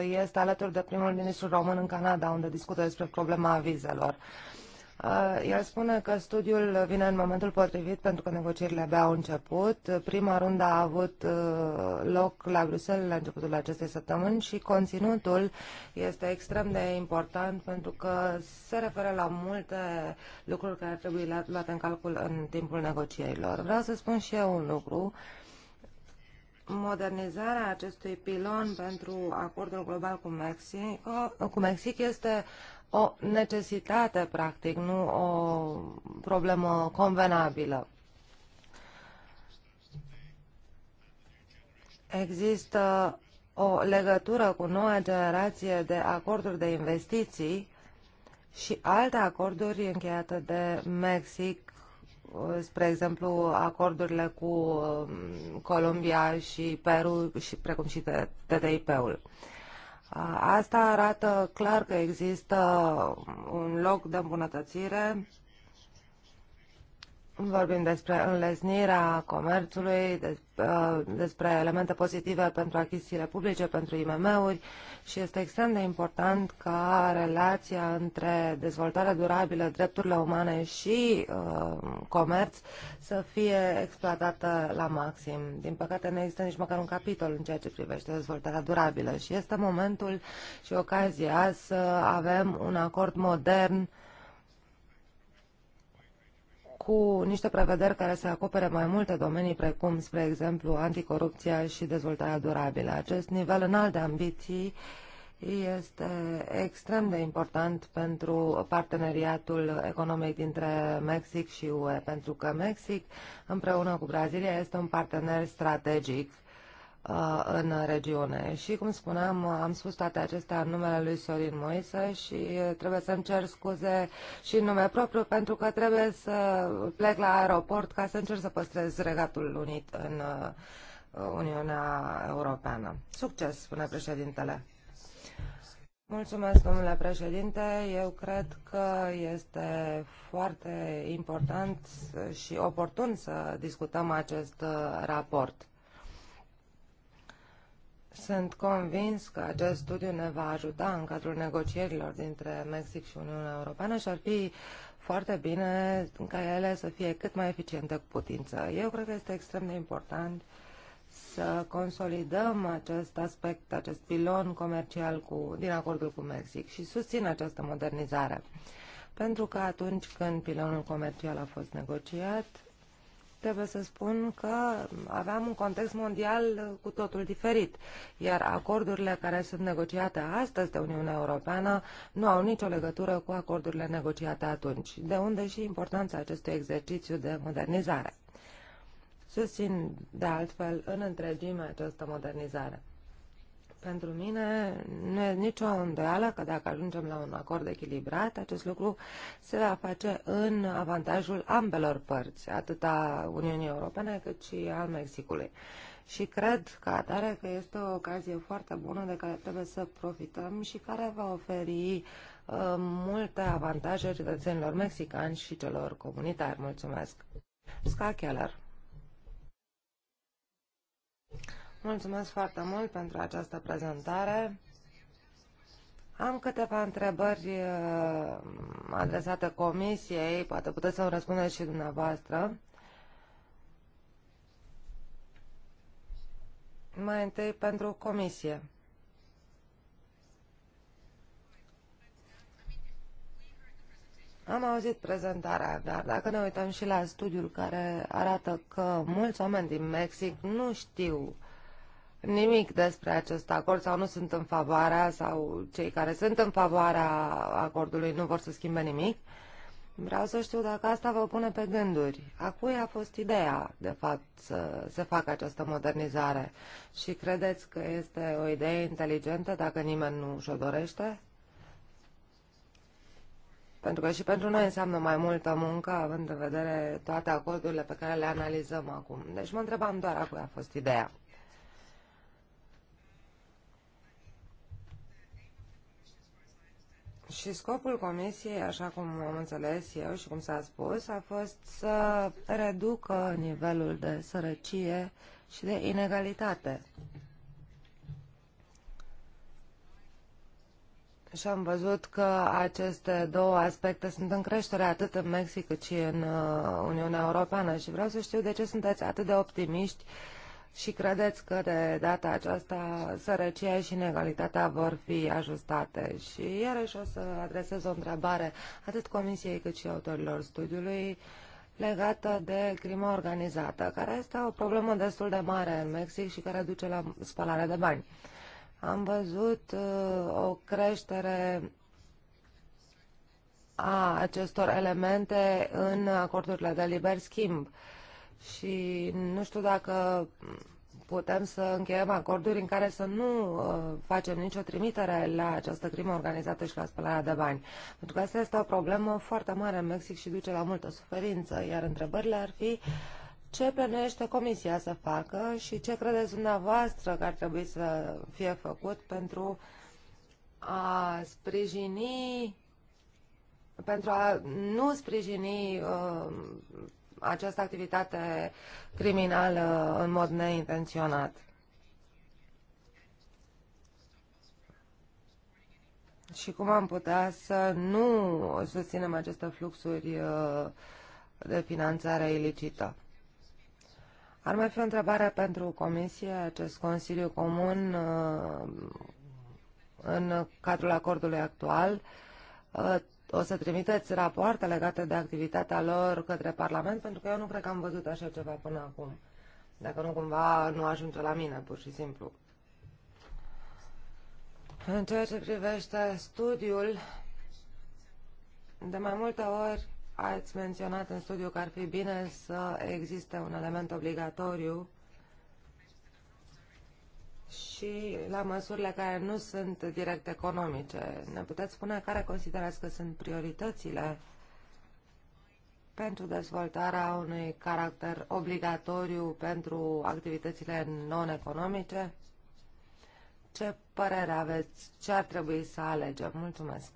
este alături de primul ministru român în Canada, unde discută despre problema vizelor. Uh, Uh, el spune că studiul vine în momentul potrivit pentru că negocierile abia au început. Prima rundă a avut uh, loc la Bruxelles la începutul acestei săptămâni și conținutul este extrem de important pentru că se referă la multe lucruri care trebuie luate în calcul în timpul negocierilor. Vreau să spun și eu un lucru modernizarea acestui pilon pentru acordul global cu Mexic, cu Mexic este o necesitate, practic, nu o problemă convenabilă. Există o legătură cu noua generație de acorduri de investiții și alte acorduri încheiate de Mexic, spre exemplu acordurile cu um, Columbia și Peru, și precum și TTIP-ul. Asta arată clar că există un loc de îmbunătățire Vorbim despre înlesnirea comerțului, uh, despre elemente pozitive pentru achizițiile publice, pentru IMM-uri și este extrem de important ca relația între dezvoltarea durabilă, drepturile umane și uh, comerț să fie exploatată la maxim. Din păcate nu există nici măcar un capitol în ceea ce privește dezvoltarea durabilă și este momentul și ocazia să avem un acord modern uh, cu niște prevederi care să acopere mai multe domenii, precum, spre exemplu, anticorupția și dezvoltarea durabilă. Acest nivel înalt de ambiții este extrem de important pentru parteneriatul economic dintre Mexic și UE, pentru că Mexic, împreună cu Brazilia, este un partener strategic Uh, în regiune. Și, cum spuneam, uh, am spus toate acestea în numele lui Sorin Moise și uh, trebuie să-mi cer scuze și în nume propriu pentru că trebuie să plec la aeroport ca să încerc să păstrez Regatul Unit în Uniunea Europeană. Succes, spune președintele. Mulțumesc, domnule președinte. Eu cred că este foarte important și oportun să discutăm acest raport sunt convins că acest studiu ne va ajuta în cadrul negocierilor dintre Mexic și Uniunea Europeană și ar fi foarte bine ca ele să fie cât mai eficiente cu putință. Eu cred că este extrem de important să consolidăm acest aspect, acest pilon comercial cu, din acordul cu Mexic și susțin această modernizare. Pentru că atunci când pilonul comercial a fost negociat, trebuie să spun că aveam un context mondial cu totul diferit, iar acordurile care sunt negociate astăzi de Uniunea Europeană nu au nicio legătură cu acordurile negociate atunci, de unde și importanța acestui exercițiu de modernizare. Susțin, de altfel, în întregime această modernizare. Pentru mine nu e nicio îndoială că dacă ajungem la un acord echilibrat, acest lucru se va face în avantajul ambelor părți, atât a Uniunii Europene cât și al Mexicului. Și cred ca atare că este o ocazie foarte bună de care trebuie să profităm și care va oferi uh, multe avantaje cetățenilor mexicani și celor comunitari. Mulțumesc! Ska Keller Mulțumesc foarte mult pentru această prezentare. Am câteva întrebări uh, adresate comisiei, poate puteți să-mi răspundeți și dumneavoastră. Mai întâi pentru comisie. Am auzit prezentarea, dar dacă ne uităm și la studiul care arată că mulți oameni din Mexic nu știu uh, nimic despre acest acord sau nu sunt în favoarea sau cei care sunt în favoarea acordului nu vor să schimbe nimic. Vreau să știu dacă asta vă pune pe gânduri. A cui a fost ideea, de fapt, să se facă această modernizare? Și credeți că este o idee inteligentă dacă nimeni nu și-o dorește? Pentru că și pentru noi înseamnă mai multă muncă, având în vedere toate acordurile pe care le analizăm acum. Deci mă întrebam doar a cui a fost ideea. Și scopul comisiei, așa cum am înțeles eu și cum s-a spus, a fost să reducă nivelul de sărăcie și de inegalitate. Și am văzut că aceste două aspecte sunt în creștere atât în Mexic cât și în uh, Uniunea Europeană și vreau să știu de ce sunteți atât de optimiști uh, și credeți că de data aceasta sărăcia și inegalitatea vor fi ajustate? Și iarăși o să adresez o întrebare atât Comisiei cât și autorilor studiului legată de crimă organizată, care este o problemă destul de mare în Mexic și care duce la spălare de bani. Am văzut uh, o creștere a acestor elemente în acordurile de liber schimb. Uh, și nu știu dacă putem să încheiem acorduri în care să nu uh, facem nicio trimitere la această crimă organizată și la spălarea de bani. Pentru că asta este o problemă foarte mare în Mexic și duce la multă suferință. Iar întrebările ar fi ce plănuiește Comisia să facă și ce credeți dumneavoastră că ar trebui să fie făcut pentru a sprijini pentru a nu sprijini uh, această activitate criminală în mod neintenționat. Și cum am putea să nu susținem aceste fluxuri uh, de finanțare ilicită? Ar mai fi o întrebare pentru Comisie, acest Consiliu Comun uh, în cadrul acordului actual uh, o să trimiteți rapoarte legate de activitatea lor către Parlament, pentru că eu nu cred că am văzut așa ceva până acum. Dacă nu, cumva nu ajunge la mine, pur și simplu. În ceea ce privește studiul, de mai multe ori ați menționat în studiu că ar fi bine să existe un element obligatoriu și la măsurile care nu sunt direct economice. Ne puteți spune care considerați că sunt prioritățile pentru dezvoltarea unui caracter obligatoriu pentru activitățile non-economice? Ce părere aveți? Ce ar trebui să alegem? Mulțumesc!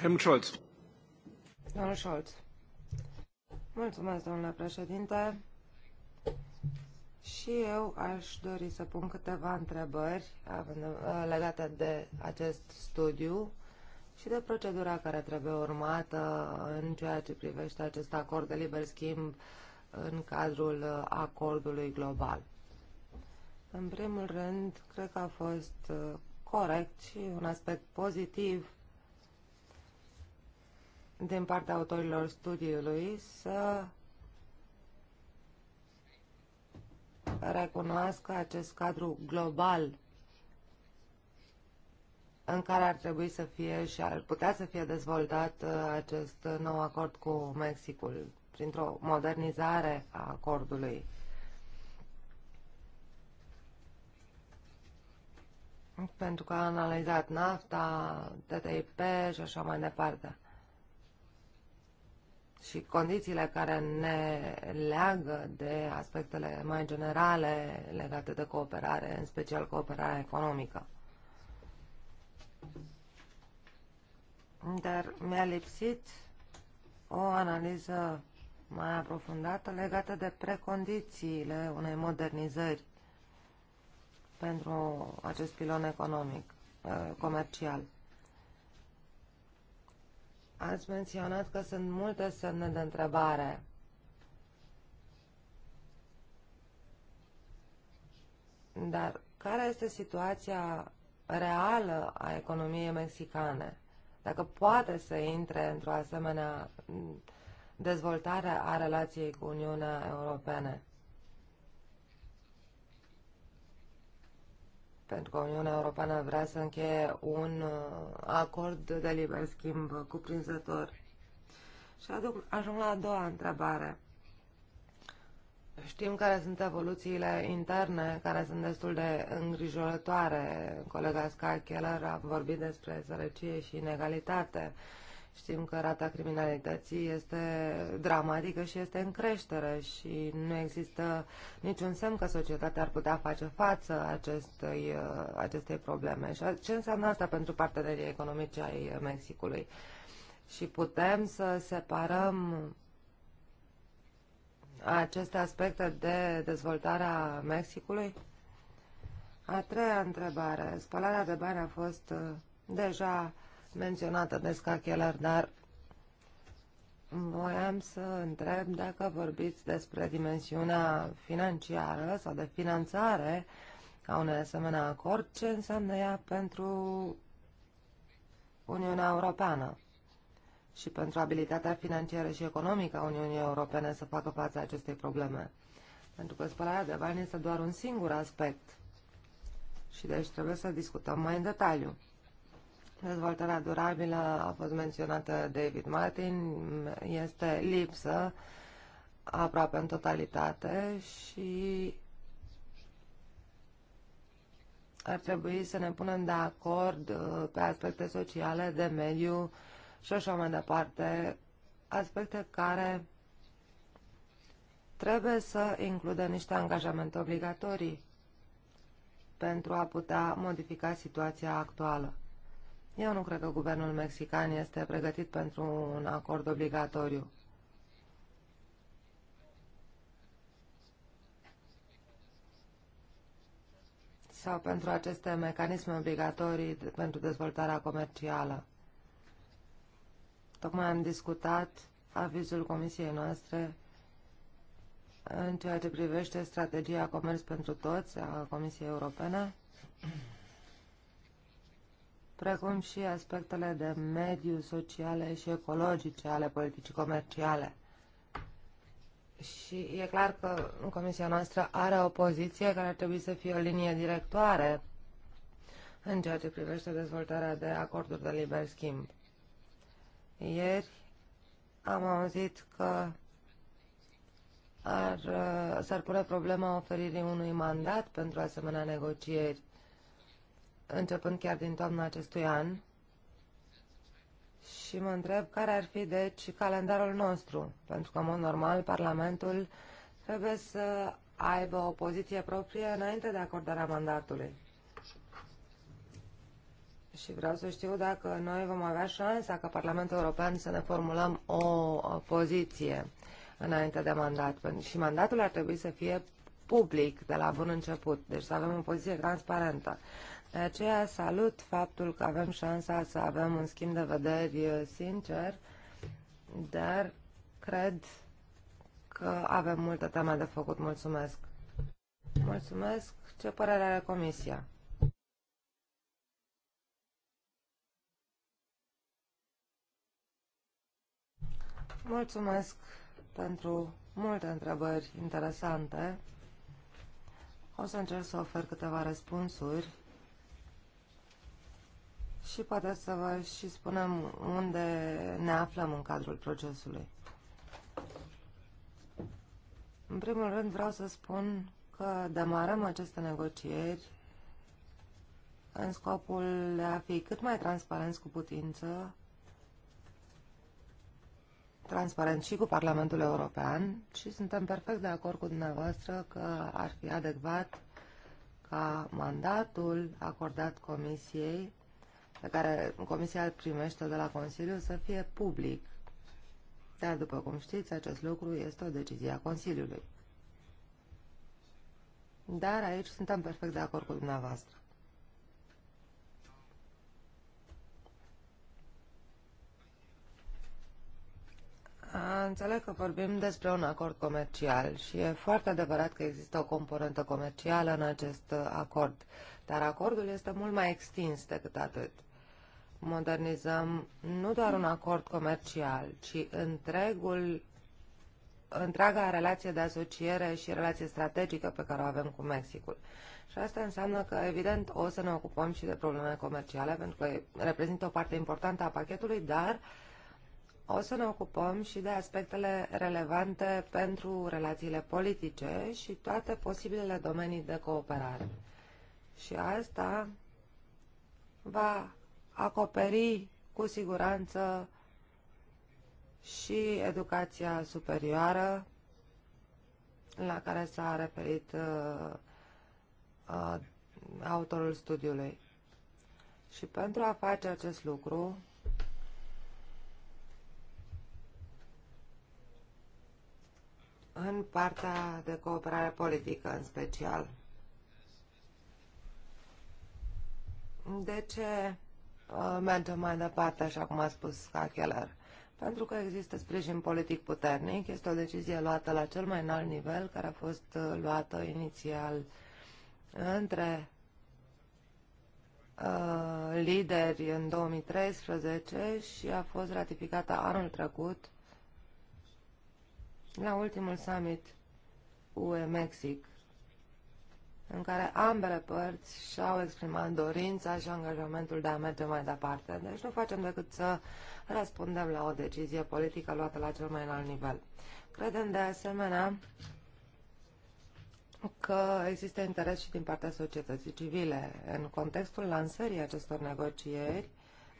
Helmut Scholz. Donald Scholz. Mulțumesc, domnule președinte. Și eu aș dori să pun câteva întrebări uh, legate de acest studiu și de procedura care trebuie urmată în ceea ce privește acest acord de liber schimb în cadrul acordului global. În primul rând, cred că a fost uh, corect și un aspect pozitiv din partea autorilor studiului să recunoască acest cadru global în care ar trebui să fie și ar putea să fie dezvoltat uh, acest uh, nou acord cu Mexicul printr-o modernizare a acordului. Pentru că a analizat NAFTA, TTIP și așa mai departe și condițiile care ne leagă de aspectele mai generale legate de cooperare, în special cooperarea economică. Dar mi-a lipsit o analiză mai aprofundată legată de precondițiile unei modernizări pentru acest pilon economic, eh, comercial. Ați menționat că sunt multe semne de întrebare. Dar care este situația reală a economiei mexicane? Dacă poate să intre într-o asemenea dezvoltare a relației cu Uniunea Europeană? pentru că Uniunea Europeană vrea să încheie un uh, acord de liber schimb cuprinzător. Și aduc, ajung la a doua întrebare. Știm care sunt evoluțiile interne, care sunt destul de îngrijorătoare. Colega Sky Keller a vorbit despre sărăcie și inegalitate. Uh, Știm că rata criminalității este dramatică și este în creștere și nu există niciun semn că societatea ar putea face față acestei, uh, acestei probleme. Și ce înseamnă asta pentru partenerii economice ai Mexicului? Și putem să separăm aceste aspecte de dezvoltarea Mexicului? A treia întrebare. Spălarea de bani a fost uh, deja menționată de Scacheler, dar voiam să întreb dacă vorbiți despre dimensiunea financiară sau de finanțare a unui asemenea acord, ce înseamnă ea pentru Uniunea Europeană și pentru abilitatea financiară și economică a Uniunii Europene să facă față acestei probleme. Pentru că spălarea de bani este doar un singur aspect și deci trebuie să discutăm mai în detaliu. Dezvoltarea durabilă a fost menționată David Martin, este lipsă aproape în totalitate și ar trebui să ne punem de acord uh, pe aspecte sociale, de mediu și așa mai departe, aspecte care trebuie să includă niște angajamente obligatorii pentru a putea modifica situația actuală. Eu nu cred că guvernul mexican este pregătit pentru un acord obligatoriu. sau pentru aceste mecanisme obligatorii pentru dezvoltarea comercială. Tocmai am discutat avizul comisiei noastre în ceea ce privește strategia Comerț pentru Toți a Comisiei Europene precum și aspectele de mediu, sociale și ecologice ale politicii comerciale. Și e clar că Comisia noastră are o poziție care ar trebui să fie o linie directoare în ceea ce privește dezvoltarea de acorduri de liber schimb. Ieri am auzit că uh, s-ar pune problema oferirii unui mandat pentru asemenea negocieri începând chiar din toamna acestui an, și mă întreb care ar fi, deci, calendarul nostru, pentru că, în mod normal, Parlamentul trebuie să aibă o poziție proprie înainte de acordarea mandatului. Și vreau să știu dacă noi vom avea șansa ca Parlamentul European să ne formulăm o poziție înainte de mandat. Păi, și mandatul ar trebui să fie public de la bun început, deci să avem o poziție transparentă. De aceea salut faptul că avem șansa să avem un schimb de vederi sincer, dar cred că avem multă teme de făcut. Mulțumesc! Mulțumesc! Ce părere are Comisia? Mulțumesc pentru multe întrebări interesante. O să încerc să ofer câteva răspunsuri și poate să vă și spunem unde ne aflăm în cadrul procesului. În primul rând vreau să spun că demarăm aceste negocieri în scopul de a fi cât mai transparenți cu putință, transparent și cu Parlamentul European și suntem perfect de acord cu dumneavoastră că ar fi adecvat ca mandatul acordat Comisiei pe care Comisia îl primește de la Consiliu să fie public. Dar, după cum știți, acest lucru este o decizie a Consiliului. Dar aici suntem perfect de acord cu dumneavoastră. Înțeleg că vorbim despre un acord comercial și e foarte adevărat că există o componentă comercială în acest acord, dar acordul este mult mai extins decât atât modernizăm nu doar un acord comercial, ci întregul, întreaga relație de asociere și relație strategică pe care o avem cu Mexicul. Și asta înseamnă că, evident, o să ne ocupăm și de probleme comerciale, pentru că reprezintă o parte importantă a pachetului, dar o să ne ocupăm și de aspectele relevante pentru relațiile politice și toate posibilele domenii de cooperare. Și asta va acoperi cu siguranță și educația superioară la care s-a referit uh, uh, autorul studiului. Și pentru a face acest lucru, în partea de cooperare politică în special. De ce Uh, mergem mai departe, așa cum a spus Kacheler. Pentru că există sprijin politic puternic, este o decizie luată la cel mai înalt nivel, care a fost uh, luată inițial între uh, lideri în 2013 și a fost ratificată anul trecut la ultimul summit UE-Mexic în care ambele părți și-au exprimat dorința și angajamentul de a merge mai departe. Deci nu facem decât să răspundem la o decizie politică luată la cel mai înalt nivel. Credem de asemenea că există interes și din partea societății civile. În contextul lansării acestor negocieri,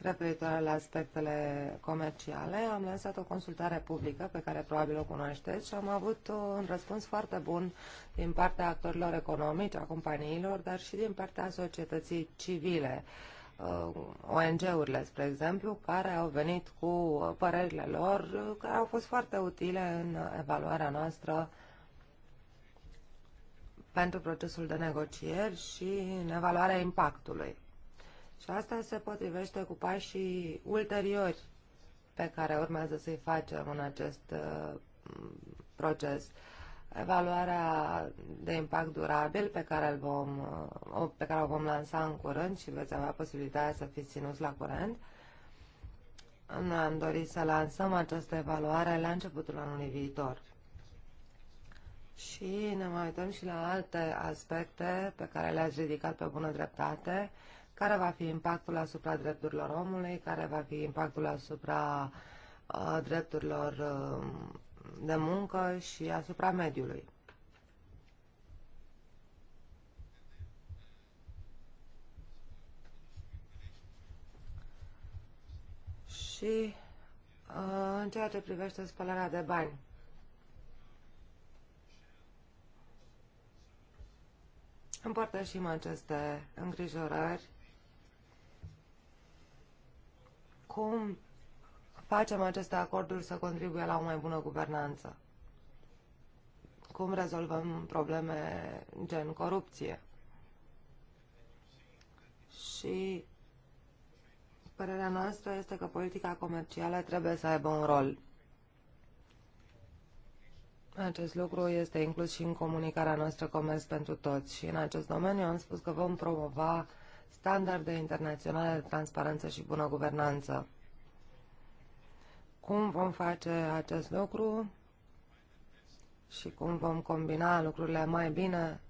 referitoare la aspectele comerciale. Am lansat o consultare publică pe care probabil o cunoașteți și am avut un răspuns foarte bun din partea actorilor economici, a companiilor, dar și din partea societății civile. Uh, ONG-urile, spre exemplu, care au venit cu părerile lor, uh, care au fost foarte utile în evaluarea noastră pentru procesul de negocieri și în evaluarea impactului. Și asta se potrivește cu pașii ulteriori pe care urmează să-i facem în acest uh, proces. Evaluarea de impact durabil pe care, îl vom, uh, pe care o vom lansa în curând și veți avea posibilitatea să fiți ținuți la curent. Noi am dorit să lansăm această evaluare la începutul anului viitor. Și ne mai uităm și la alte aspecte pe care le-ați ridicat pe bună dreptate care va fi impactul asupra drepturilor omului, care va fi impactul asupra uh, drepturilor um, de muncă și asupra mediului. Și uh, în ceea ce privește spălarea de bani. Împărtășim aceste îngrijorări cum facem aceste acorduri să contribuie la o mai bună guvernanță? Cum rezolvăm probleme gen corupție? Și părerea noastră este că politica comercială trebuie să aibă un rol. Acest lucru este inclus și în comunicarea noastră Comerț pentru Toți și în acest domeniu am spus că vom promova standarde internaționale de transparență și bună guvernanță. Cum vom face acest lucru și cum vom combina lucrurile mai bine,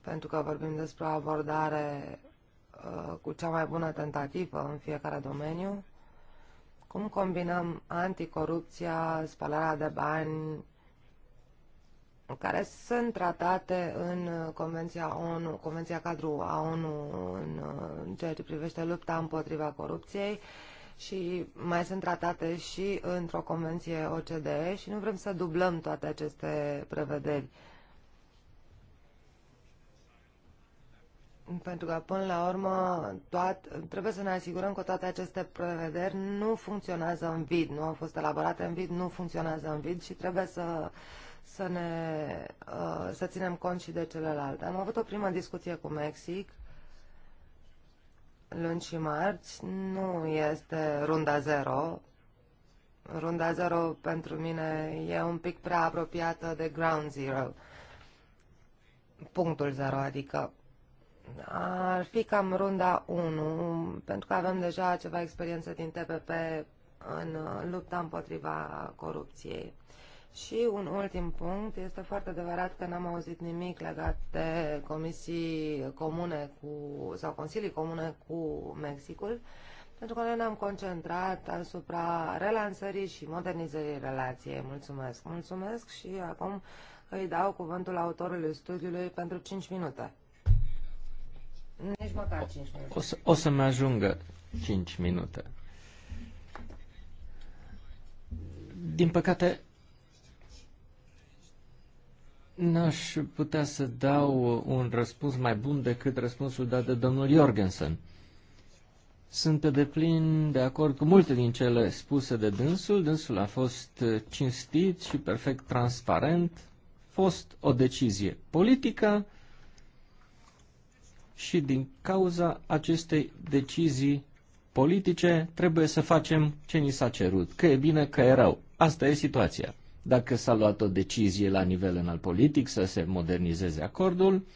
pentru că vorbim despre o abordare uh, cu cea mai bună tentativă în fiecare domeniu, cum combinăm anticorupția, spălarea de bani, care sunt tratate în uh, Convenția ONU, Convenția cadru a ONU uh, în, ceea ce privește lupta împotriva corupției și mai sunt tratate și într-o convenție OCDE și nu vrem să dublăm toate aceste prevederi. Pentru că, până la urmă, toat, trebuie să ne asigurăm că toate aceste prevederi nu funcționează în vid, nu au fost elaborate în vid, nu funcționează în vid și trebuie să uh, să, ne, uh, să ținem cont și de celelalte. Am avut o primă discuție cu Mexic luni și marți. Nu este runda zero. Runda zero pentru mine e un pic prea apropiată de ground zero. Punctul zero, adică ar fi cam runda 1, pentru că avem deja ceva experiență din TPP în uh, lupta împotriva corupției. Și un ultim punct, este foarte adevărat că n-am auzit nimic legat de comisii comune cu, sau consilii comune cu Mexicul, pentru că noi ne-am concentrat asupra relansării și modernizării relației. Mulțumesc! Mulțumesc și acum îi dau cuvântul autorului studiului pentru 5 minute. Nici măcar 5 minute. O să, o să mă ajungă 5 minute. Din păcate, N-aș putea să dau un răspuns mai bun decât răspunsul dat de domnul Jorgensen. Sunt pe de deplin de acord cu multe din cele spuse de dânsul. Dânsul a fost cinstit și perfect transparent. Fost o decizie politică și din cauza acestei decizii politice trebuie să facem ce ni s-a cerut. Că e bine, că e rău. Asta e situația. Dacă s-a luat o decizie la nivel înalt politic să se modernizeze acordul,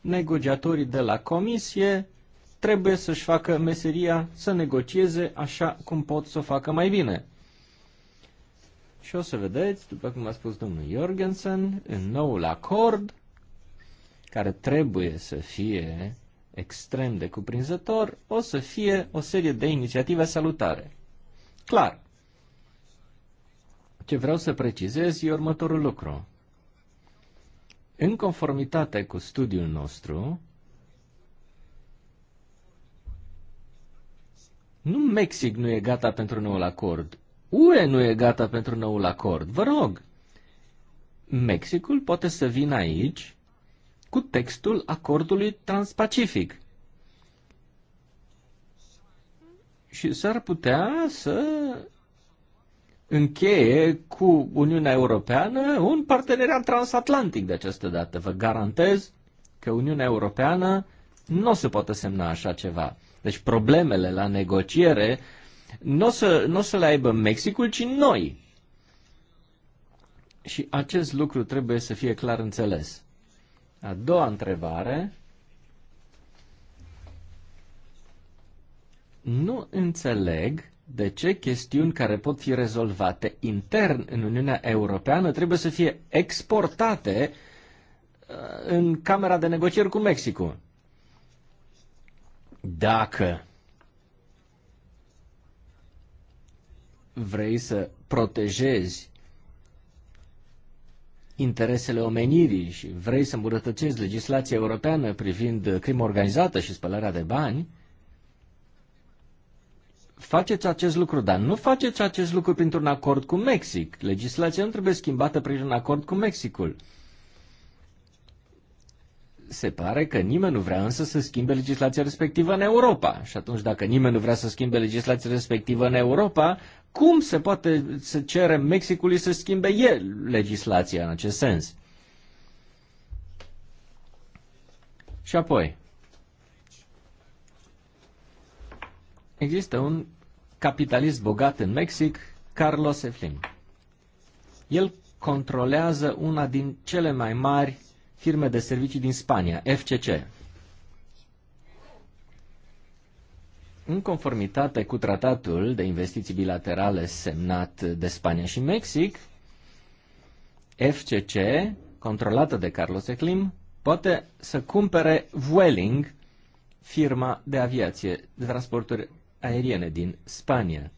negociatorii de la comisie trebuie să-și facă meseria să negocieze așa cum pot să o facă mai bine. Și o să vedeți, după cum a spus domnul Jorgensen, în noul acord, care trebuie să fie extrem de cuprinzător, o să fie o serie de inițiative salutare. Clar, ce vreau să precizez e următorul lucru. În conformitate cu studiul nostru, nu Mexic nu e gata pentru noul acord, UE nu e gata pentru noul acord. Vă rog, Mexicul poate să vină aici cu textul acordului transpacific. Și s-ar putea să încheie cu Uniunea Europeană un parteneriat transatlantic de această dată. Vă garantez că Uniunea Europeană nu se poate semna așa ceva. Deci problemele la negociere nu o să, n-o să le aibă Mexicul, ci noi. Și acest lucru trebuie să fie clar înțeles. A doua întrebare. Nu înțeleg de ce chestiuni care pot fi rezolvate intern în Uniunea Europeană trebuie să fie exportate uh, în Camera de Negocieri cu Mexicul? Dacă vrei să protejezi interesele omenirii și vrei să îmbunătățești legislația europeană privind crimă organizată și spălarea de bani, Faceți acest lucru, dar nu faceți acest lucru printr-un acord cu Mexic. Legislația nu trebuie schimbată printr-un acord cu Mexicul. Se pare că nimeni nu vrea însă să schimbe legislația respectivă în Europa. Și atunci, dacă nimeni nu vrea să schimbe legislația respectivă în Europa, cum se poate să cere Mexicului să schimbe el legislația în acest sens? Și apoi, Există un capitalist bogat în Mexic, Carlos Slim. El controlează una din cele mai mari firme de servicii din Spania, FCC. În conformitate cu tratatul de investiții bilaterale semnat de Spania și Mexic, FCC, controlată de Carlos Slim, poate să cumpere Vueling, firma de aviație, de transporturi aeriene din Spania.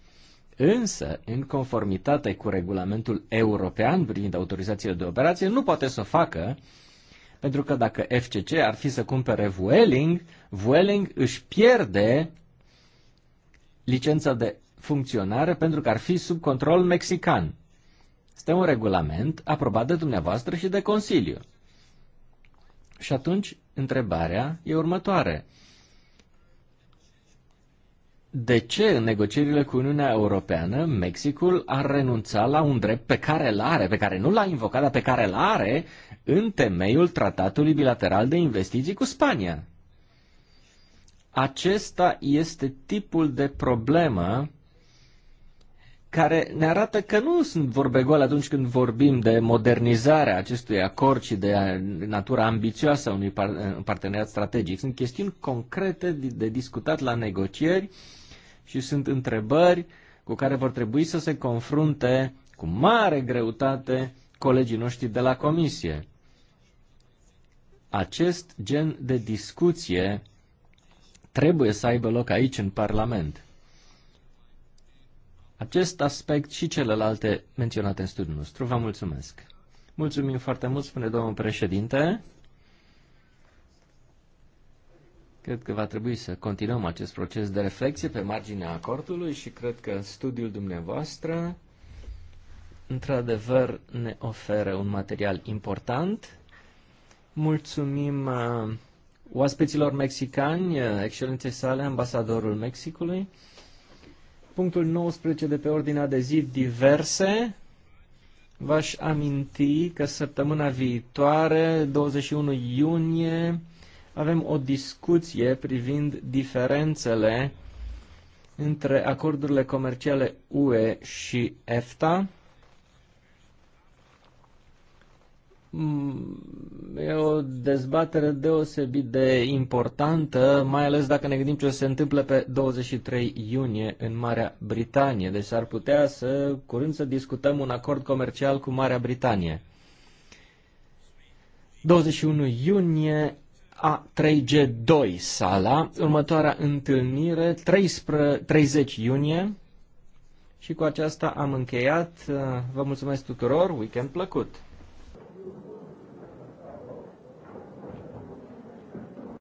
Însă, în conformitate cu regulamentul european privind autorizațiile de operație, nu poate să o facă, pentru că dacă FCC ar fi să cumpere Vueling, Vueling își pierde licența de funcționare pentru că ar fi sub control mexican. Este un regulament aprobat de dumneavoastră și de Consiliu. Și atunci, întrebarea e următoare de ce în negocierile cu Uniunea Europeană Mexicul a renunțat la un drept pe care îl are, pe care nu l-a invocat, dar pe care îl are în temeiul tratatului bilateral de investiții cu Spania. Acesta este tipul de problemă care ne arată că nu sunt vorbe goale atunci când vorbim de modernizarea acestui acord și de natura ambițioasă a unui parteneriat strategic. Sunt chestiuni concrete de discutat la negocieri și sunt întrebări cu care vor trebui să se confrunte cu mare greutate colegii noștri de la comisie. Acest gen de discuție trebuie să aibă loc aici, în Parlament. Acest aspect și celelalte menționate în studiul nostru. Vă mulțumesc. Mulțumim foarte mult, spune domnul președinte. Cred că va trebui să continuăm acest proces de reflexie pe marginea acordului și cred că studiul dumneavoastră într-adevăr ne oferă un material important. Mulțumim uh, oaspeților mexicani, uh, excelenței sale, ambasadorul Mexicului. Punctul 19 de pe ordinea de zi diverse. V-aș aminti că săptămâna viitoare, 21 iunie, avem o discuție privind diferențele între acordurile comerciale UE și EFTA. Mm, e o dezbatere deosebit de importantă, mai ales dacă ne gândim ce se întâmplă pe 23 iunie în Marea Britanie. Deci ar putea să curând să discutăm un acord comercial cu Marea Britanie. 21 iunie a3G2 sala, următoarea întâlnire 13, 30 iunie și cu aceasta am încheiat. Vă mulțumesc tuturor, weekend plăcut!